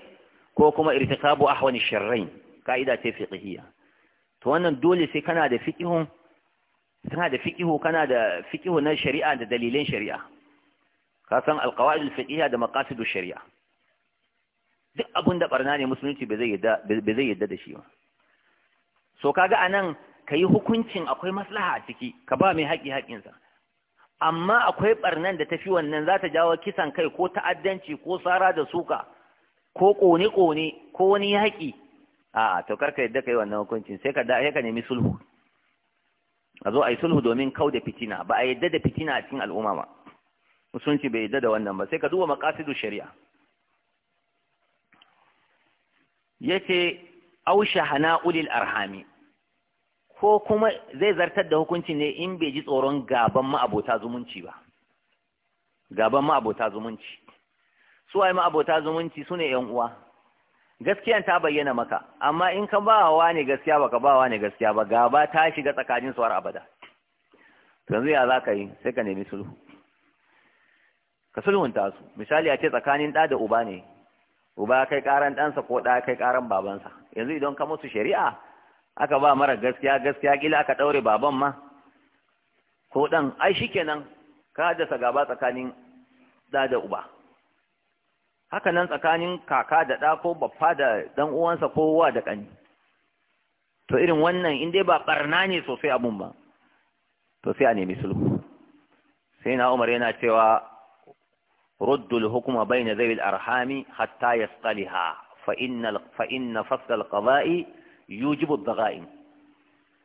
ko kuma irtikabu ahwani sharrain kaida ce fiqhiyya to wannan dole sai kana da fiqihun kana da fiqihu kana da fiqihu na shari'a da dalilan shari'a ka san alqawaid alfiqhiyya da maqasid shari'a duk abin da barna ne musulunci ba zai yadda da shi ba so kaga anan ka yi hukuncin akwai maslaha a ciki ka ba mai haƙi haƙinsa amma akwai ɓarnan da tafi wannan za ta jawo kisan kai ko ta'addanci ko tsara da suka ko ƙone-ƙone ko wani yaƙi a to karka yadda ka yi wannan hukuncin sai ka da ka nemi sulhu a zo a yi sulhu domin kau da fitina ba a yadda da fitina a cikin al'umma ba musulunci bai yadda da wannan ba sai ka duba maƙasidu shari'a yace aushe hana ulil arhami ko kuma zai zartar da hukunci ne in bai ji tsoron gaban ma'abota zumunci ba gaban ma'abota zumunci su ma'abota zumunci su ne yan uwa gaskiyan ta bayyana maka amma in ka ba wa ne gaskiya ba ka ba wa ne gaskiya ba gaba ta shiga tsakanin su har abada yanzu ya ka yi sai ka nemi sulhu ka sulhunta su misali a ce tsakanin ɗa da uba ne uba kai ƙaran ɗansa ko ɗa kai ƙaran babansa yanzu idan ka musu shari'a aka ba mara gaskiya gaskiya kila aka ɗaure baban ma ko ɗan ai shikenan ka da gaba tsakanin da da uba haka nan tsakanin kaka da ɗa ko baffa da ɗan uwansa ko wa da ƙani to irin wannan in dai ba ɓarna ne sosai abun ba to sai a nemi sulhu sai na umar yana cewa ruddul hukuma bayna zawil arhami hatta yasqaliha fa inna fa inna fasl al yujibu dhaga'im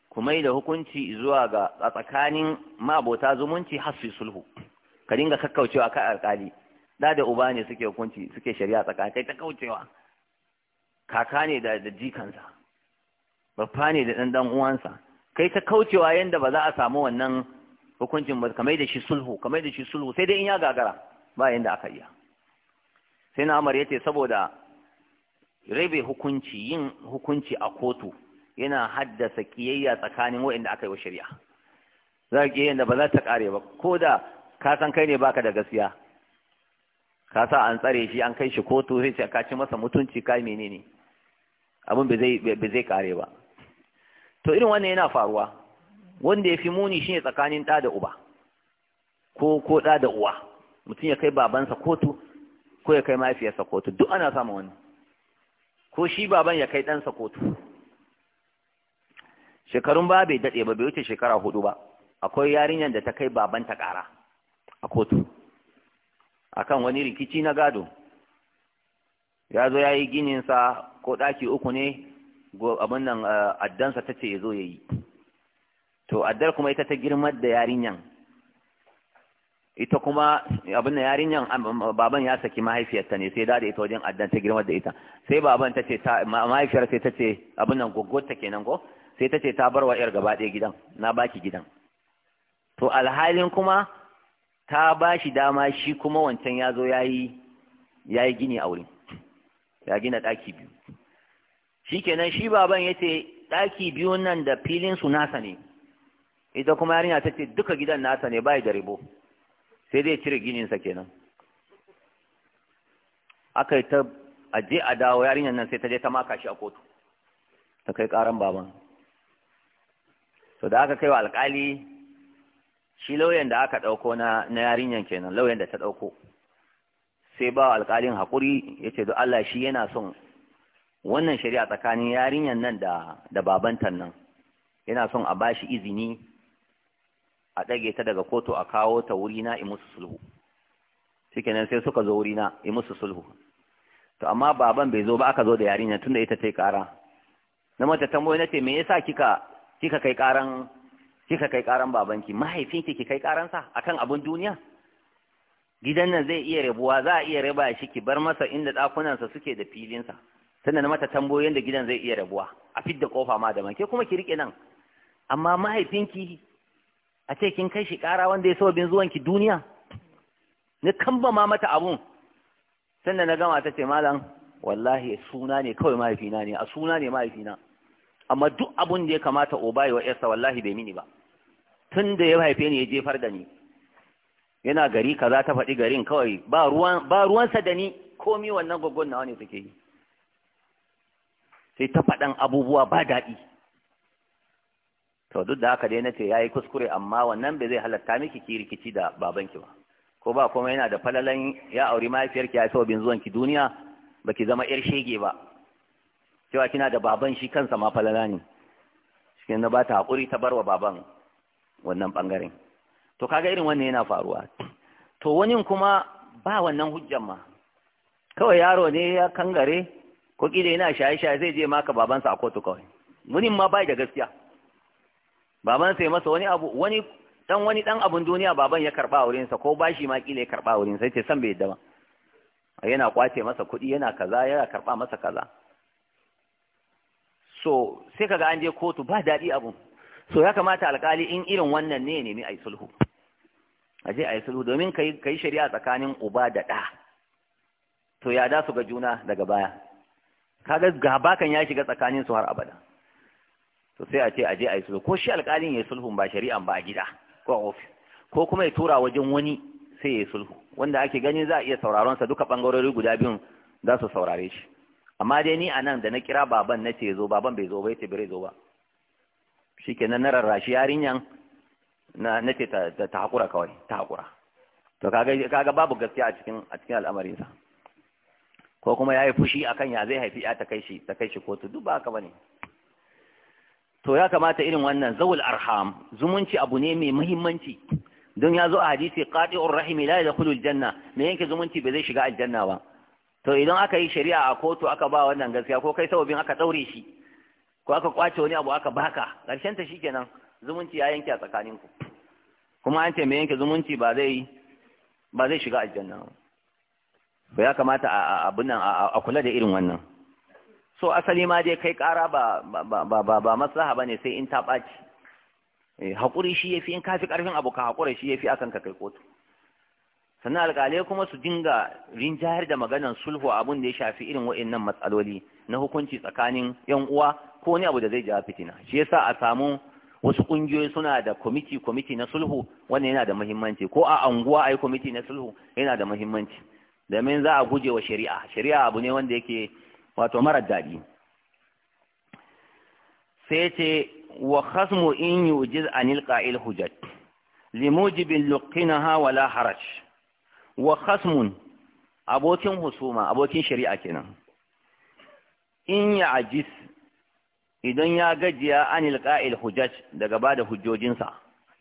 kuma da hukunci zuwa ga tsakanin mabota zumunci hasu sulhu ka dinga kakkaucewa ka alkali da da uba ne suke hukunci suke shari'a tsakanin kai ta kaucewa kaka ne da jikansa babba ne da dan uwansa kai ta kaucewa yadda ba za a samu wannan hukuncin ba kamar da shi sulhu kamar da shi sulhu sai dai in ya gagara ba yanda aka iya sai na amar yace saboda rabe hukunci yin hukunci a kotu yana haddasa kiyayya tsakanin waɗanda aka yi wa shari'a za ka kiyayya da ba za ta kare ba ko da ka san kai ne baka da gaskiya ka sa an tsare shi an kai shi kotu sai ka ci masa mutunci ka menene abin ba zai ba zai kare ba to irin wannan yana faruwa wanda ya fi muni shine tsakanin ɗa da uba ko ko ɗa da uwa mutum ya kai babansa kotu ko ya kai mahaifiyarsa kotu duk ana samun wani. ko shi baban ya kai ɗansa kotu shekarun ba bai daɗe ba bai wuce shekara hudu ba akwai yarinyar da ta kai baban ta ƙara a kotu akan wani rikici na gado ya zo ya yi gininsa ko ɗaki uku ne abin nan eh, addansa ta ce ya zo ya yi to addar kuma ita ta girmar da yarinyar. ita kuma abin da yarinyan baban ya saki mahaifiyarta ne sai da da ita wajen addan ta girma da ita sai baban ta ce mahaifiyar sai ta ce abin nan gogota kenan ko sai ta ce ta bar wa yar gaba ɗaya gidan na baki gidan to alhalin kuma ta ba shi dama shi kuma wancan ya zo yayi yayi gini a wurin ya gina ɗaki biyu shikenan shi baban ya ce ɗaki biyun nan da filin su nasa ne ita kuma yarinya ta ce duka gidan nasa ne bai da ribo sai dai cire gininsa kenan aka yi ta aje a dawo yarinyar nan sai ta je ta maka shi a kotu ta kai karan baban to da aka kai wa alkali shi lauyan da aka ɗauko na na yarinyar kenan lauyan da ta ɗauko sai ba alkalin hakuri yace ce don Allah shi yana son wannan shari'a tsakanin yarinyar nan da da babantan nan yana son a bashi izini a ɗage ta daga kotu a kawo ta wurina in musu sulhu shikenan sai suka zo wurina in musu sulhu to amma baban bai zo ba aka zo da yarinya tunda ita ta yi ƙara na mata tambayoyi na ce me yasa kika kai ƙaran kika kai ƙaran babanki mahaifinki ki kai ƙaransa akan abin duniya gidan nan zai iya rabuwa za a iya raba shi ki bar masa inda ɗakunansa suke da filinsa tunda na mata tambayoyin da gidan zai iya rabuwa a fidda kofa ma da ke kuma ki rike nan amma mahaifinki a ce kin kai shi ƙara wanda ya sababin ki duniya ni kamba ma mata abun sannan na gama ta ce malam wallahi suna ne kawai mahaifina ne a suna ne mahaifina amma duk abun da ya kamata o yi wa yarsa wallahi bai mini ba tun da ya haife ni ya jefar da ni yana gari kaza ta faɗi garin kawai ba ruwan ba ruwansa da ni komi wannan gwaggon nawa ne take yi sai ta faɗan abubuwa ba daɗi to duk da haka dai ya yayi kuskure amma wannan bai zai halatta miki ki rikici da babanki ba ko ba kuma yana da falalan ya auri mahaifiyarki ya sau bin zuwan ki duniya baki zama yar shege ba cewa kina da baban shi kansa ma falala ne cikin na bata hakuri ta barwa baban wannan bangaren to kaga irin wannan yana faruwa to wani kuma ba wannan hujjan ma kawai yaro ne ya kangare ko kide yana shaye-shaye zai je maka babansa a kotu kawai munin ma bai da gaskiya baban sai masa wani abu wani dan wani dan abun duniya baban ya karba wurin sa ko bashi ma kila ya karba wurin sa yace san bai yadda ba yana kwace masa kuɗi yana kaza yana karba masa kaza so sai kaga an je kotu ba daɗi abun so ya kamata alkali in irin wannan ne nemi ai sulhu a ai sulhu domin kai kai shari'a tsakanin uba da ɗa to ya da su ga juna daga baya kaga gaba kan ya shiga tsakanin su har abada to sai a ce a je a yi sulhu ko shi alƙalin ya yi sulhun ba shari'an ba a gida ko a ofis ko kuma ya tura wajen wani sai ya yi sulhu wanda ake gani za a iya sauraron sa duka bangarori guda biyun za su saurare shi amma dai ni anan da na kira baban na ce zo baban bai zo ba yace bai zo ba shikenan na rarrashi yarinyan na ce ta ta hakura kawai ta hakura to kaga kaga babu gaskiya a cikin a cikin al'amarin sa ko kuma yayi fushi akan ya zai haifi ya ta kai shi ta kai shi kotu duk ba haka bane to ya kamata irin wannan zawul arham zumunci abu ne mai muhimmanci don ya zo a hadisi qati'ur rahimi la yadkhulul janna me yanke zumunci ba zai shiga aljanna ba to idan aka yi shari'a a kotu aka ba wannan gaskiya ko kai sabobin aka daure shi ko aka kwace wani abu aka baka karshen ta shikenan zumunci ya yanke a ku. kuma an ce me yanke zumunci ba zai ba zai shiga aljanna ba ya kamata a abun nan a kula da irin wannan so asali ma dai kai ƙara ba ba ba ba maslaha bane sai in ta ɓaci eh, haƙuri shi yafi in kafi ƙarfin abu ka hakuri shi yafi akan ka kai kotu sannan alƙalai kuma su dinga rinjayar da maganan sulhu abun da ya shafi irin wa'annan matsaloli na hukunci tsakanin yan uwa ko wani abu da zai jawo fitina shi yasa a samu wasu kungiyoyi suna da kwamiti kwamiti na sulhu wannan yana da muhimmanci ko a anguwa ai kwamiti na sulhu yana da muhimmanci domin za a guje wa shari'a shari'a abu ne wanda yake wato mara daɗi sai ce wa khasmu in yujiz anil qa'il hujjat limujibin luqinaha wala haraj wa khasmun abokin husuma abokin shari'a kenan in ya ajis idan ya gajiya anil qa'il hujjat daga bada hujjojinsa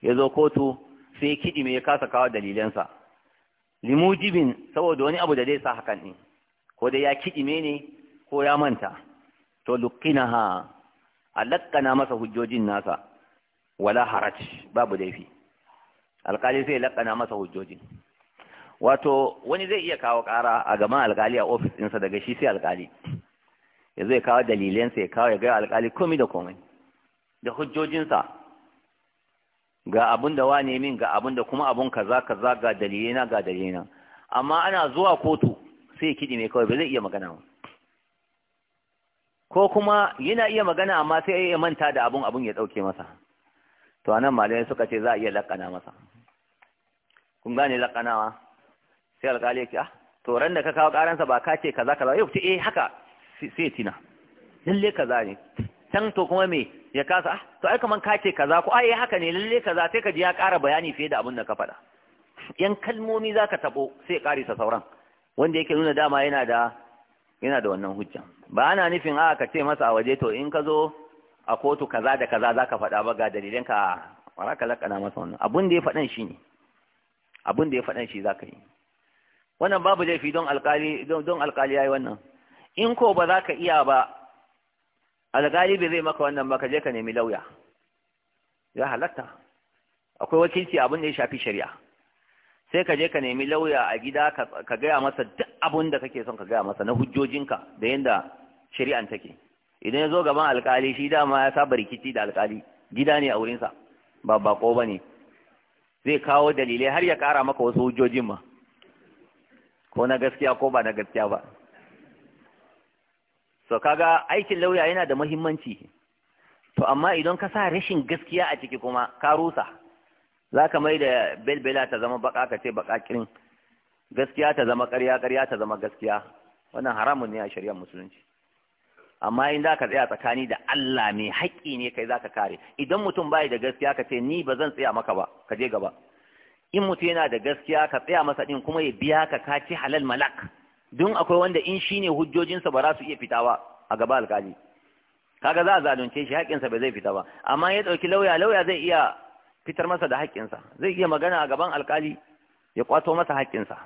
ya zo kotu sai kidi me ya kasa kawo dalilansa limujibin saboda wani abu da zai sa hakan ne ko dai ya kidi ne ko ya manta to luqinaha alaqana masa hujjojin nasa wala haraj babu laifi alkali sai lakana masa hujjojin wato wani zai iya kawo ƙara a gaban alkali a ofis ɗinsa daga shi sai alkali ya zai kawo dalilansa ya kawo ya gaya alkali komai da komai da hujjojinsa ga abun da wane min ga abun da kuma abun kaza kaza ga dalilina ga dalilina amma ana zuwa kotu sai kiɗi mai kawai ba zai iya magana ba ko kuma yana iya magana amma sai ya manta da abun abun ya dauke masa to anan malamai suka ce za a iya lakana masa kun gane lakanawa sai alƙali ya ce ah to ran da ka kawo sa ba ka ce kaza kaza yau ce eh haka sai tina lalle kaza ne can to kuma me ya kasa ah to ai kaman ka ce kaza ko ai ah, eh, haka ne lalle kaza sai ka ji ya ƙara bayani fiye da abin da ka faɗa yan kalmomi za ka taɓo sai ya sa sauran wanda yake nuna dama yana da yana da wannan hujja ba ana nufin a ka ce masa a waje to in ka zo a kotu kaza da kaza za ka faɗa ba ga dalilin ka wara ka lakana masa wannan abun da ya faɗan shi ne abun da ya faɗan shi za ka yi wannan babu laifi don alkali don alkali yayi wannan in ko ba za ka iya ba alkali bai zai maka wannan ba ka je ka nemi lauya ya halatta akwai wakilci abun da ya shafi shari'a sai ka je ka nemi lauya a gida ka gaya masa duk abin da kake son ka gaya masa na hujjojinka da yadda shari'an take idan ya zo gaban alkali shi dama ya saba rikici da alkali gida ne a wurinsa ba bako ba ne zai kawo dalilai har ya kara maka wasu hujjojin ma ko na gaskiya ko ba na gaskiya ba so kaga aikin lauya yana da muhimmanci to amma idan ka sa rashin gaskiya a ciki kuma ka rusa za ka mai da belbela ta zama baka ka ce baka kirin gaskiya ta zama ƙarya ƙarya ta zama gaskiya wannan haramun ne a shari'ar musulunci amma in za ka tsaya tsakani da Allah mai haƙƙi ne kai za ka kare idan mutum bai da gaskiya ka ce ni ba zan tsaya maka ba ka je gaba in mutum yana da gaskiya ka tsaya masa din kuma ya biya ka ka ci halal malak don akwai wanda in shi ne hujjojinsa ba za su iya fita ba a gaba alkali kaga za a zalunce shi haƙƙinsa ba zai fita ba amma ya ɗauki lauya lauya zai iya fitar masa da haƙƙinsa zai iya magana a gaban alkali ya kwato masa haƙƙinsa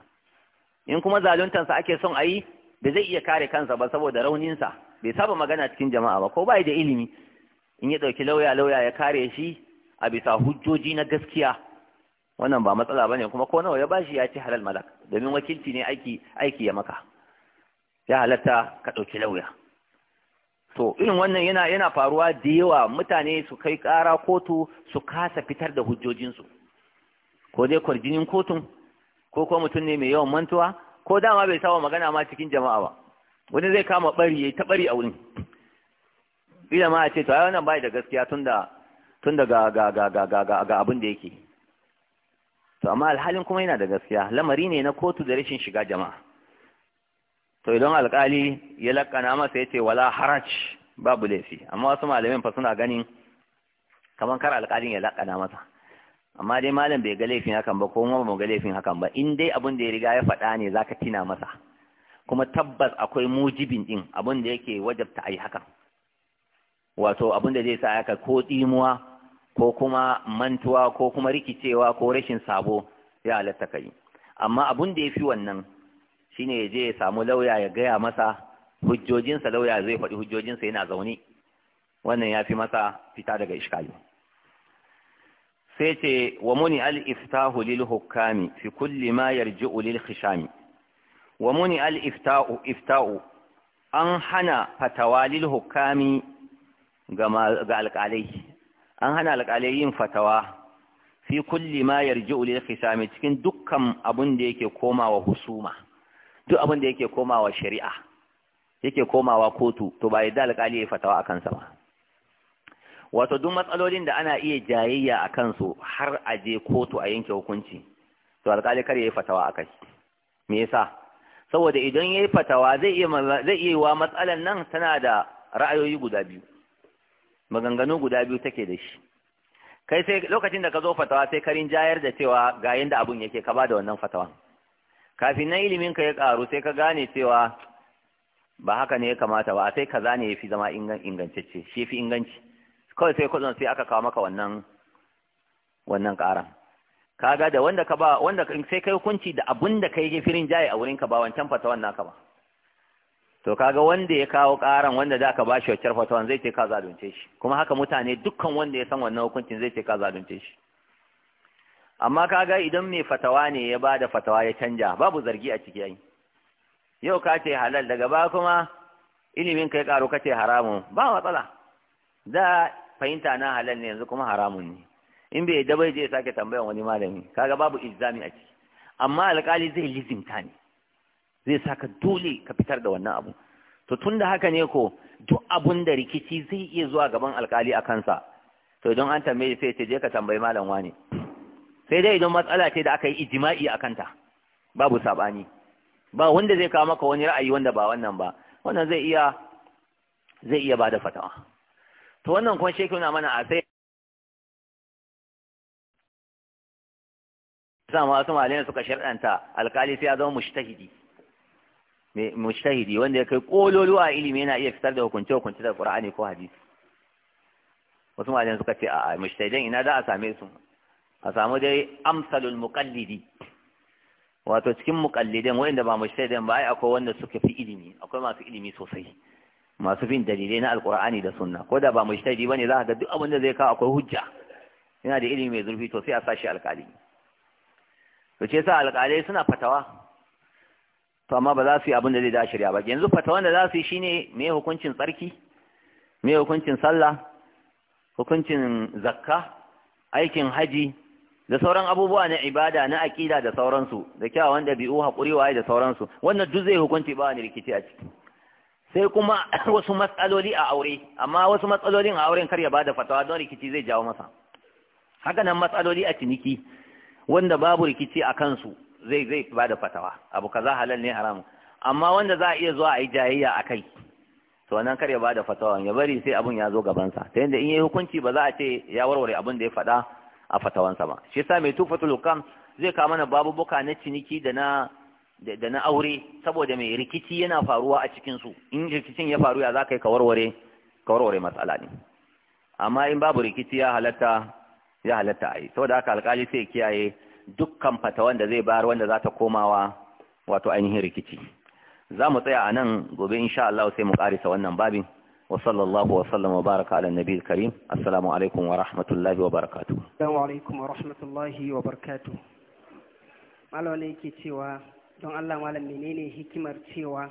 in kuma zaluntansa ake son a yi da zai iya kare kansa ba saboda rauninsa bai saba magana cikin jama'a ba ko bai da ilimi in ya ɗauki lauya lauya ya kare shi a bisa hujjoji na gaskiya wannan ba matsala ba ne kuma ko nawa ya bashi ya ci halal malak domin wakilci ne aiki aiki ya maka ya halatta ka ɗauki lauya to irin wannan yana yana faruwa da yawa mutane su kai ƙara kotu su kasa fitar da hujjojinsu ko dai kwarjinin kotun ko kuma mutum ne mai yawan mantuwa ko dama bai sawa magana ma cikin jama'a ba wani zai kama bari ya ta bari a wurin ila ma a ce to ai wannan bai da gaskiya tunda tunda ga ga ga ga ga ga abin da yake to amma alhalin kuma yana da gaskiya lamari ne na kotu da rashin shiga jama'a to idan alkali ya lakana masa ya ce wala haraj babu laifi amma wasu malamin fa suna ganin kamar kar alkalin ya lakana masa amma dai malam bai ga laifin hakan ba ko kuma ba ga laifin hakan ba in dai abin da ya riga ya faɗa ne zaka tina masa kuma tabbas akwai mujibin din abin da yake wajabta ayi haka wato abin da zai sa aka ko tsimuwa ko kuma mantuwa ko kuma rikicewa ko rashin sabo ya halatta kai amma abin da ya fi wannan shine ya je ya samu lauya ya gaya masa hujjojinsa lauya zai faɗi hujjojinsa yana zaune wannan ya fi masa fita daga ishkali sai ce wa muni al-iftahu lil hukami fi kulli ma yarji'u lil khishami wa muni al-ifta'u an hana fatawa lil hukami ga alƙalai an hana alƙalai yin fatawa fi kulli ma yarji'u lil khishami cikin dukkan abun da yake komawa husuma duk abin da yake komawa shari'a yake komawa kotu to ba yadda alƙali ya fatawa a kansa ba wato duk matsalolin da ana iya jayayya a kansu har a je kotu a yanke hukunci to alƙali kar ya yi fatawa a kai me yasa saboda idan ya yi fatawa zai iya zai iya wa matsalan nan tana da ra'ayoyi guda biyu maganganu guda biyu take da shi kai sai lokacin da ka zo fatawa sai karin jayar da cewa ga yanda abun yake ka ba da wannan fatawan kafin nan ilimin ka ya karu sai ka gane cewa ba haka ne ya kamata ba sai ka zane ya fi zama ingantacce shi fi inganci kawai sai kudin sai aka kawo maka wannan wannan karan kaga da wanda ka ba wanda sai kai hukunci da abun da kai firin jaye a wurin ka ba wancan fatawan naka ba to kaga wanda ya kawo karan wanda ka ba shi wacce fatawan zai ce ka zalunce shi kuma haka mutane dukkan wanda ya san wannan hukuncin zai ce ka zalunce shi amma ka ga idan mai fatawa ne ya ba da fatawa ya canja babu zargi a ciki ai yau ka ce halal daga ba kuma ilimin kai karo ka ce haramun ba matsala da fahimta na halal ne yanzu kuma haramun ne in bai da bai je ya sake tambayan wani malami kaga babu izami a ciki amma alƙali zai lizimta ne zai saka dole ka fitar da wannan abu to tun da haka ne ko duk abun da rikici zai iya zuwa gaban alƙali a kansa to idan an tambaye sai ce je ka tambayi malam wani sai dai idan matsala ce da aka yi ijima'i a kanta babu saɓani ba wanda zai kawo maka wani ra'ayi wanda ba wannan ba wannan zai iya zai iya ba da fatawa to wannan kuma shekaru na mana a sai sa wasu malina suka shirɗanta alkali sai ya zama mushtahidi mushtahidi wanda ya kai kololuwa a ilimi yana iya fitar da hukunce hukunce da qur'ani ko hadisi wasu malina suka ce a'a mushtahidan ina za a same su a samu dai amsalul muqallidi wato cikin muqallidin wanda ba mujtahidin ba ai akwai wanda suka fi ilimi akwai masu ilimi sosai masu bin dalilai na alqur'ani da sunna ko da ba mu mujtahidi bane za ka ga duk abin da zai kawo akwai hujja yana da ilimi mai zurfi to sai a sashi alƙali to ce sa alƙalai suna fatawa to amma ba za su yi abin da zai da shari'a ba yanzu fatawan da za su yi shine me hukuncin tsarki me hukuncin sallah hukuncin zakka aikin haji da sauran abubuwa na ibada na aƙida da sauransu da kyawawan ɗabi'u hakuri waye da sauransu wannan duk zai hukunci ba wani rikici a ciki sai kuma (laughs) wasu matsaloli a aure amma wasu matsalolin a auren kar ya bada fatawa don rikici zai jawo masa haka nan matsaloli a ciniki wanda babu rikici a kansu zai zai bada fatawa abu kaza halal ne haram amma wanda za a iya zuwa a yi jayayya a kai to nan kar ya bada fatawa ya bari sai abun ya zo gabansa ta yadda in yi hukunci ba za a ce ya warware abun da ya faɗa a fatawansa ba shi yasa mai tufatul hukam zai kawo mana babu buka na ciniki da na da na aure saboda mai rikici yana faruwa a cikin su in rikicin ya faru ya za ka yi kawarware kawarware matsala ne amma in babu rikici ya halatta ya halatta a yi saboda haka alkali sai kiyaye dukkan fatawan da zai bayar wanda za ta komawa wato ainihin rikici za mu tsaya a nan gobe insha Allah sai mu karisa wannan babin وصلى الله وسلم وبارك على النبي الكريم السلام عليكم ورحمة الله وبركاته السلام عليكم ورحمة الله وبركاته مالو ne yake cewa don Allah malam menene hikimar cewa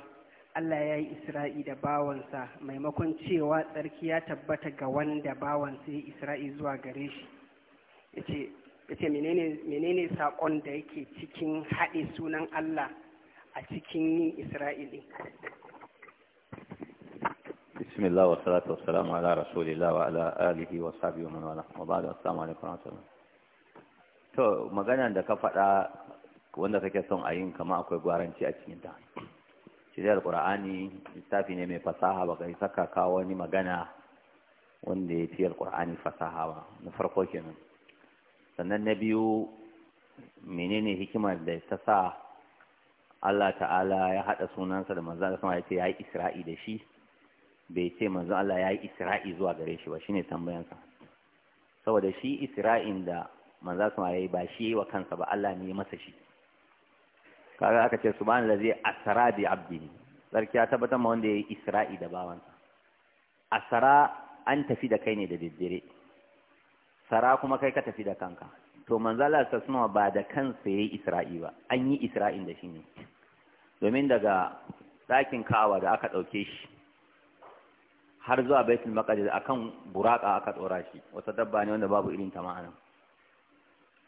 Allah ya yi Isra'i da bawansa maimakon cewa tsarki ya tabbata ga wanda bawansa ya Isra'i zuwa gare shi ya ce menene saƙon da yake cikin haɗe sunan Allah a cikin yin Isra'ili بسم الله والصلاة والسلام على رسول الله وعلى آله وصحبه ومن والاه وبعد السلام عليكم ورحمة الله to da ka faɗa wanda kake son a yin kama akwai gwaranci a cikin ta shirya qur'ani littafi ne mai fasaha ba kai saka kawo wani magana wanda ya fi alƙur'ani fasaha ba na farko kenan sannan na biyu menene hikimar da ta sa Allah ta'ala ya haɗa sunansa da manzan sama ya ce ya yi isra'i da shi bai ce manzo Allah ya yi isra'i zuwa gare shi ba shine tambayansa saboda shi isra'in da manzo sama yayi ba shi wa kansa ba Allah ne ya masa shi kaga aka ce subhanallazi asra bi Abdi. sarki ya tabbatar ma wanda yayi isra'i da bawansa asra an tafi da kai ne da daddare sara kuma kai ka tafi da kanka to manzo Allah suna ba da kansa yayi isra'i ba an yi isra'in da shi ne domin daga ɗakin kawa da aka ɗauke shi har zuwa baitul maqdis akan buraka aka tsora shi wata dabba ne wanda babu irin ta ma'ana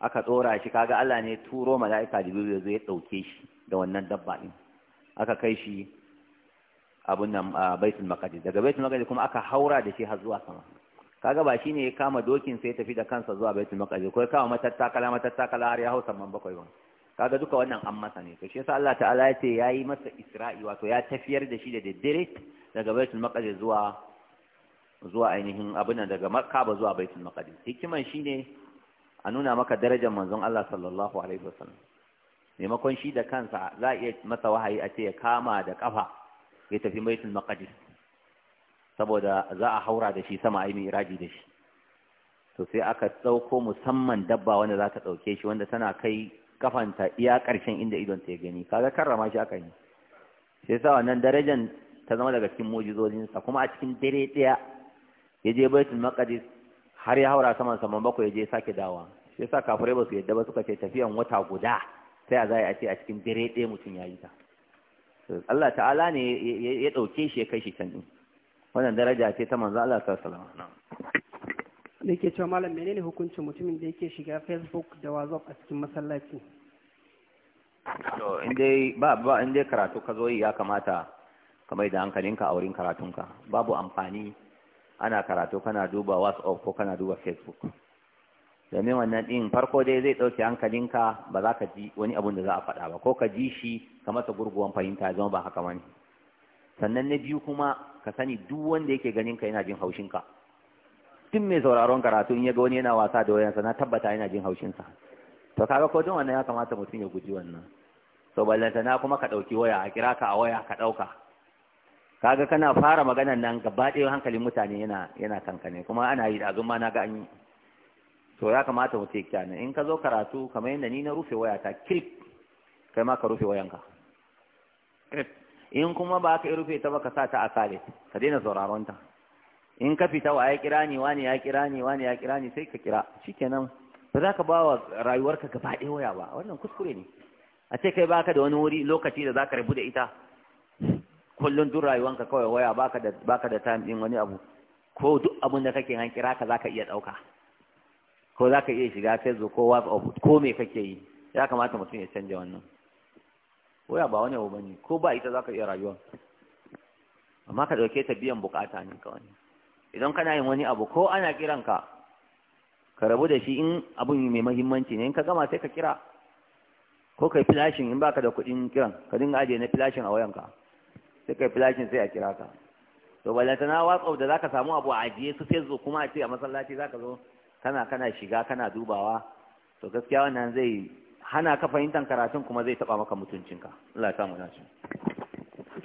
aka tsora shi kaga Allah ne turo mala'ika jibril zai dauke shi da wannan dabba din aka kai shi abun nan baitul maqdis daga baitul maqdis kuma aka haura da shi har zuwa sama kaga ba shine ya kama dokin sai ya tafi da kansa zuwa baitul maqdis ko ya kama matattakala matattakala har ya hausa man bakwai ba kaga duka wannan an masa ne to shi yasa Allah ta'ala ya ce yayi masa Isra'i wato ya tafiyar da shi da daddare daga Baitul Maqdis zuwa zuwa ainihin abuna daga Makka ba zuwa Baitul Maqdis hikiman shine a nuna maka darajar manzon Allah sallallahu alaihi wasallam maimakon shi da kansa za iya masa wahayi a ce ya kama da kafa ya tafi Baitul Maqdis saboda za a haura da shi sama a yi miraji da shi to sai aka sauko musamman dabba wanda za ta ɗauke shi wanda tana kai kafanta iya ƙarshen inda idon ta ya gani kaga karrama shi aka yi sai sa wannan darajar ta zama daga cikin mujizozinsa kuma a cikin dare ɗaya ya je baitul maqdis har ya haura saman saman bakwai ya je sake dawa sai sa kafirai ba su yadda ba suka ce tafiyan wata guda sai a zai a ce a cikin dare ɗaya mutum ya yi ta Allah ta'ala ne ya ɗauke shi ya kai shi can ɗin wannan daraja ce ta manzo Allah sallallahu alaihi wasallam da ke cewa malam menene hukuncin mutumin da yake shiga facebook da whatsapp a cikin masallaci to indai ba ba indai karatu ka zo ya kamata ka mai da hankalinka a wurin karatunka babu amfani ana karatu kana duba whatsapp ko kana duba facebook domin wannan din farko dai zai ɗauke hankalinka ba za ka ji wani abun da za a faɗa ba ko ka ji shi ka masa gurguwan fahimta zama ba haka bane sannan na biyu kuma ka sani duk wanda yake ganin ka yana jin haushinka duk mai sauraron karatu in ya ga wani yana wasa da wayansa na tabbata yana jin haushinsa to kaga ko jin wannan ya kamata mutum ya guji wannan to ballanta na kuma ka ɗauki waya a kira ka a waya ka ɗauka kaga kana fara maganan nan gaba ɗaya hankalin mutane yana yana kankane kuma ana yi da ma na ga an yi to ya kamata mutum ya kyana in ka zo karatu kamar yadda ni na rufe wayata kirk kai ma ka rufe wayanka in kuma ba ka rufe ta ba ka sa ta a kale ka daina sauraron ta in ka fita wa ya kira ni wani ya kira ni wani ya kira ni sai ka kira shikenan ba za ka ba wa rayuwarka gaba ɗaya waya ba wannan kuskure ne a ce kai baka da wani wuri lokaci da za ka rabu da ita kullum duk rayuwanka kawai waya baka da baka da time din wani abu ko duk abin da kake an kira ka za ka iya ɗauka ko za ka iya shiga facebook ko whatsapp ko me kake yi ya kamata mutum ya canja wannan waya ba wani abu bane ko ba ita za ka iya rayuwa amma ka ɗauke ta biyan bukata ne kawai idan kana yin wani abu ko ana kiranka ka rabu da shi in abun mai mahimmanci ne in ka gama sai ka kira ko kai filashin in baka da kuɗin kiran ka dinga ajiye na filashin a wayanka sai kai filashin sai a kira ka to balantana watsau da zaka samu abu a ajiye su zo kuma a ce a masallaci zaka zo kana kana shiga kana dubawa to gaskiya wannan zai hana ka fahimtar karatun kuma zai taba maka mutuncinka Allah ya samu nashi.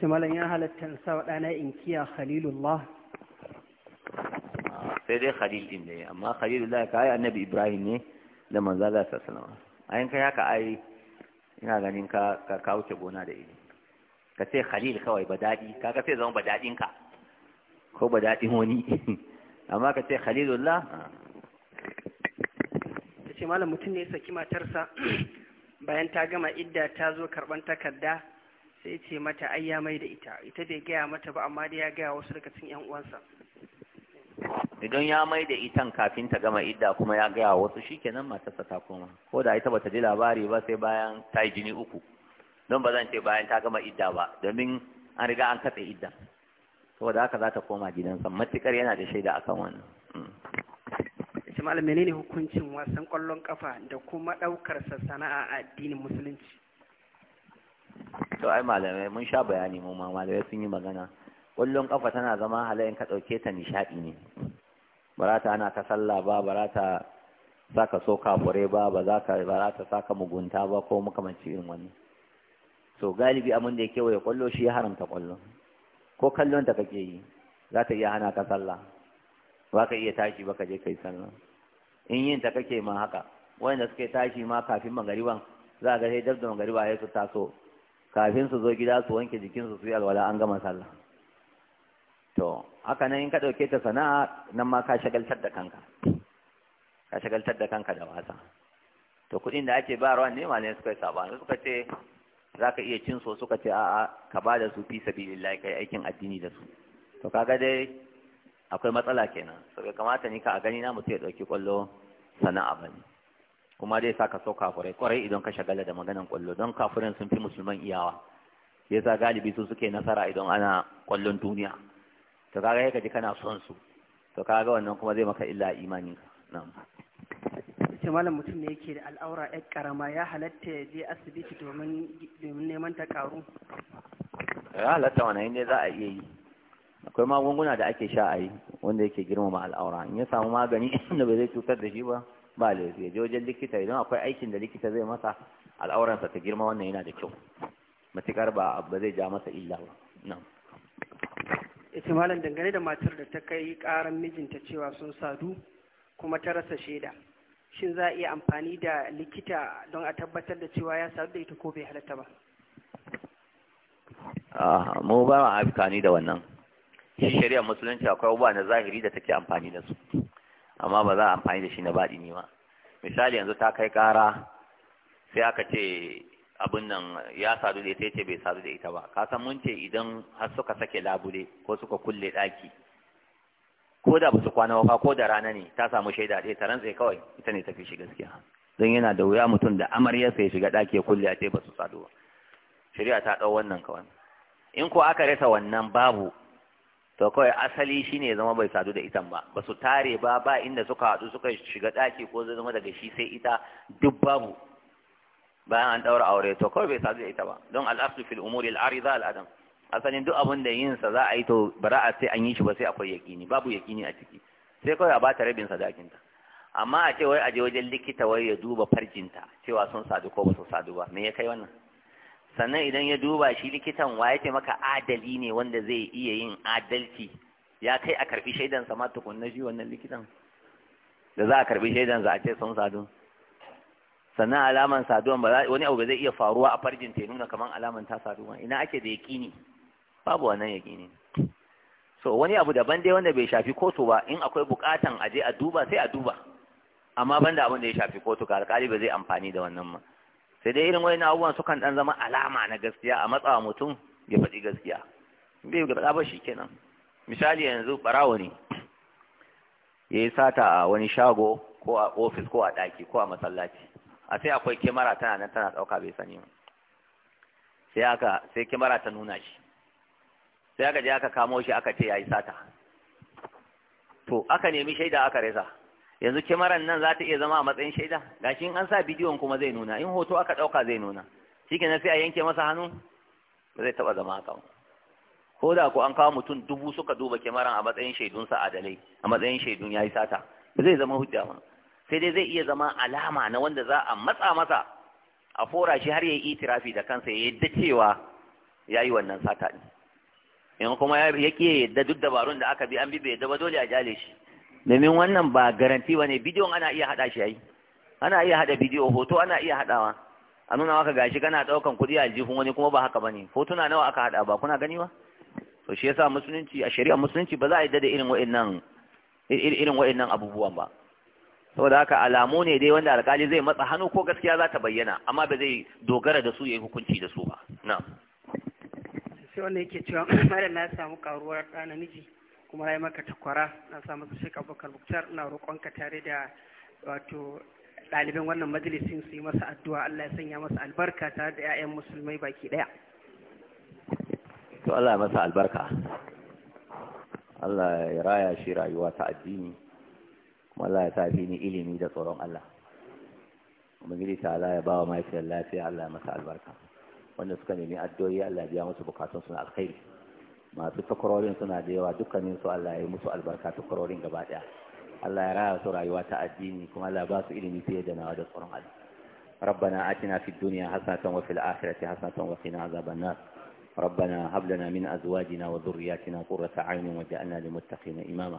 Ita ya halatta sa waɗana inkiya Khalilullah sai dai khalil din ne amma khalil ka kai annabi ibrahim ne da manzo Allah sallallahu alaihi wasallam ayin kai haka ai ina ganin ka ka kauce gona da ilimi ka ce khalil kawai badadi dadi kaga sai zama badadin ka ko ba dadin wani (laughs) amma ka ce khalilullah ah. ce malam mutum ne ya saki matarsa (clears throat) bayan ta gama idda ta zo karban takarda sai ce mata ayya mai da ita ita bai gaya mata ba amma dai ya gaya wasu daga cikin yan uwansa idan ya mai da itan kafin ta gama idda kuma ya gaya wasu shikenan matarsa ta koma ko da ita bata ji labari ba sai bayan ta yi jini uku don ba zan ce bayan ta gama idda ba domin an riga an katse idda saboda haka za ta koma gidansa matukar yana da shaida akan wannan shi mm. malam menene hukuncin wasan kwallon kafa da kuma daukar sa sana'a a addinin musulunci to ai malamai mun sha bayani mu ma malamai sun yi magana kwallon kafa tana zama halayen ka dauke ta nishadi ne Barata ana ta ana ka sallah ba barata za ka so kafure ba ba za ka barata za ka mugunta ba ko makamanci irin wani so galibi abin da ya waye kwallo shi ya haramta kwallo ko kallon ta kake yi za ta iya hana ka sallah ba ka iya tashi ba ka je kai sallah in yin ta kake ma haka wanda suke tashi ma kafin magariban za ga sai dab da magariba ya su taso kafin su zo gida su wanke su su yi alwala an gama sallah to haka nan in ka ɗauke ta sana'a nan ma ka shagaltar da kanka ka shagaltar da kanka da wasa to kuɗin da ake bayarwa ne ma ne suka yi sabani suka ce za ka iya cin so suka ce a'a ka ba da su fi sabilillahi kai aikin addini da su to ga dai akwai matsala kenan so bai kamata ni ka a gani na mutum ya ɗauki ƙwallo sana'a ba ne kuma dai sa ka so kafurai kwarai idan ka shagala da maganan ƙwallo don kafurin sun fi musulman iyawa yasa galibi su suke nasara idan ana ƙwallon duniya to kaga yake ji kana son su to kaga wannan kuma zai maka illa imanin ka na'am ce malam mutum ne yake da al'aura yar karama ya halatta ya je asibiti domin domin neman ta karu ya halatta wannan inda za a iya yi akwai magunguna da ake sha a yi wanda yake girmama al'aura in ya samu magani (laughs) da bai zai cutar da shi ba ba laifi ya je wajen likita idan akwai aikin da likita zai masa al'auransa ta girma wannan yana da kyau matukar ba ba zai ja masa illa ba na'am ita malam dangane da matar da ta kai karan mijinta cewa sun sadu kuma ta rasa shaida shin za a iya amfani da likita don a tabbatar da cewa ya sadu da ita ko bai halatta ba ah, mu ba ma amfani da wannan shi shari'a musulunci akwai abubuwa na zahiri da take amfani da su amma ba za a amfani da shi na baɗi ne ba misali yanzu ta kai kara sai aka ce abin nan ya sadu da ita yace bai sadu da ita ba ka san mun ce idan har suka sake labule ko suka kulle daki ko da basu kwana ba ko da rana ne ta samu shaida ɗaya ta rantse kawai ita ne fi shi gaskiya don yana da wuya mutum da amarya sai shiga ɗaki ya kulle a ce basu sadu ba shari'a ta ɗau wannan kawai in ko aka rasa wannan babu to kawai asali shine ya zama bai sadu da ita ba basu tare ba ba inda suka haɗu suka shiga ɗaki ko zai zama daga shi sai ita duk babu bayan an daura aure to kawai bai sadu da ita ba don al'asu fil umuri al'arida al'adam asalin duk abin da yin sa za a yi to bara a sai an yi shi ba sai akwai yakini babu yakini a ciki sai kawai a ba ta rabin sadakin amma a ce wai a je wajen likita wai ya duba farjinta cewa sun sadu ko ba su sadu ba me ya kai wannan sannan idan ya duba shi likitan wa ya ce maka adali ne wanda zai iya yin adalci ya kai a karbi shaidan sa ma tukunna shi wannan likitan da za a karbi shaidan a ce sun sadu sannan alaman saduwan ba wani abu zai iya faruwa a farjin ta nuna kaman alaman ta saduwa ina ake da yaƙini babu wannan yaƙini so wani abu daban dai wanda bai shafi kotu ba in akwai buƙatan aje a duba sai a duba amma banda abin da ya shafi kotu ka alƙali ba zai amfani da wannan ma sai dai irin wani abubuwan sukan dan zama alama na gaskiya a matsawa mutum ya faɗi gaskiya bai ga ba shi kenan misali yanzu barawo ne ya yi sata a wani shago ko a ofis ko a ɗaki ko a masallaci a sai akwai kyamara tana nan tana ɗauka bai sani ba sai aka sai kyamara ta nuna shi sai aka je aka kamo shi aka ce ya yi sata to aka nemi shaida aka resa yanzu kemaran nan za ta iya zama a matsayin shaida gashi an sa bidiyon kuma zai nuna in hoto aka ɗauka zai nuna shi sai a yanke masa hannu ba zai taɓa zama haka ko da ko an kawo mutum dubu suka duba kemaran a matsayin shaidunsa adalai a matsayin shaidun ya yi sata ba zai zama hujja ba sai dai zai iya zama alama na wanda za a matsa masa a fora shi har ya yi itirafi da kansa ya yadda cewa ya yi wannan sata ne. in kuma ya ke yadda duk dabarun da aka bi an bi bai yadda ba dole a jale shi domin wannan ba garanti ba ne bidiyon ana iya haɗa shi yayi ana iya haɗa bidiyo hoto ana iya haɗawa a nuna maka gashi kana ɗaukan kuɗi a aljihun wani kuma ba haka ba ne hotuna nawa aka haɗa ba kuna gani ba to shi yasa musulunci a shari'ar musulunci ba za a yadda da irin wa'in irin abubuwan ba saboda haka alamu ne dai wanda alkali zai matsa hannu ko gaskiya za ta bayyana amma ba zai dogara da su ya yi hukunci da su ba na sai wanda yake cewa (clears throat) mara na samu karuwar ɗa namiji kuma ya maka takwara na samu su shek abubakar buktar na roƙonka tare da wato ɗaliban wannan majalisin su yi masa addu'a Allah ya sanya masa albarka tare da 'ya'yan musulmai baki ɗaya. To Allah ya masa albarka. Allah ya raya shi rayuwa ta addini. kuma Allah ya sa fi ni ilimi da tsoron Allah ubangiji ta Allah ya ba wa mahaifiyar lafiya Allah ya masa albarka wanda suka nemi addu'o'i Allah ya musu bukatun suna alkhairi masu takwarorin suna da yawa dukkanin su Allah ya yi musu albarka takwarorin gaba daya Allah ya raya su rayuwa ta addini kuma Allah ba su ilimi fiye da nawa da tsoron Allah ربنا آتنا في الدنيا حسنة وفي الآخرة حسنة وقنا عذاب النار ربنا هب لنا من أزواجنا وذرياتنا قرة عين وجعلنا للمتقين إماما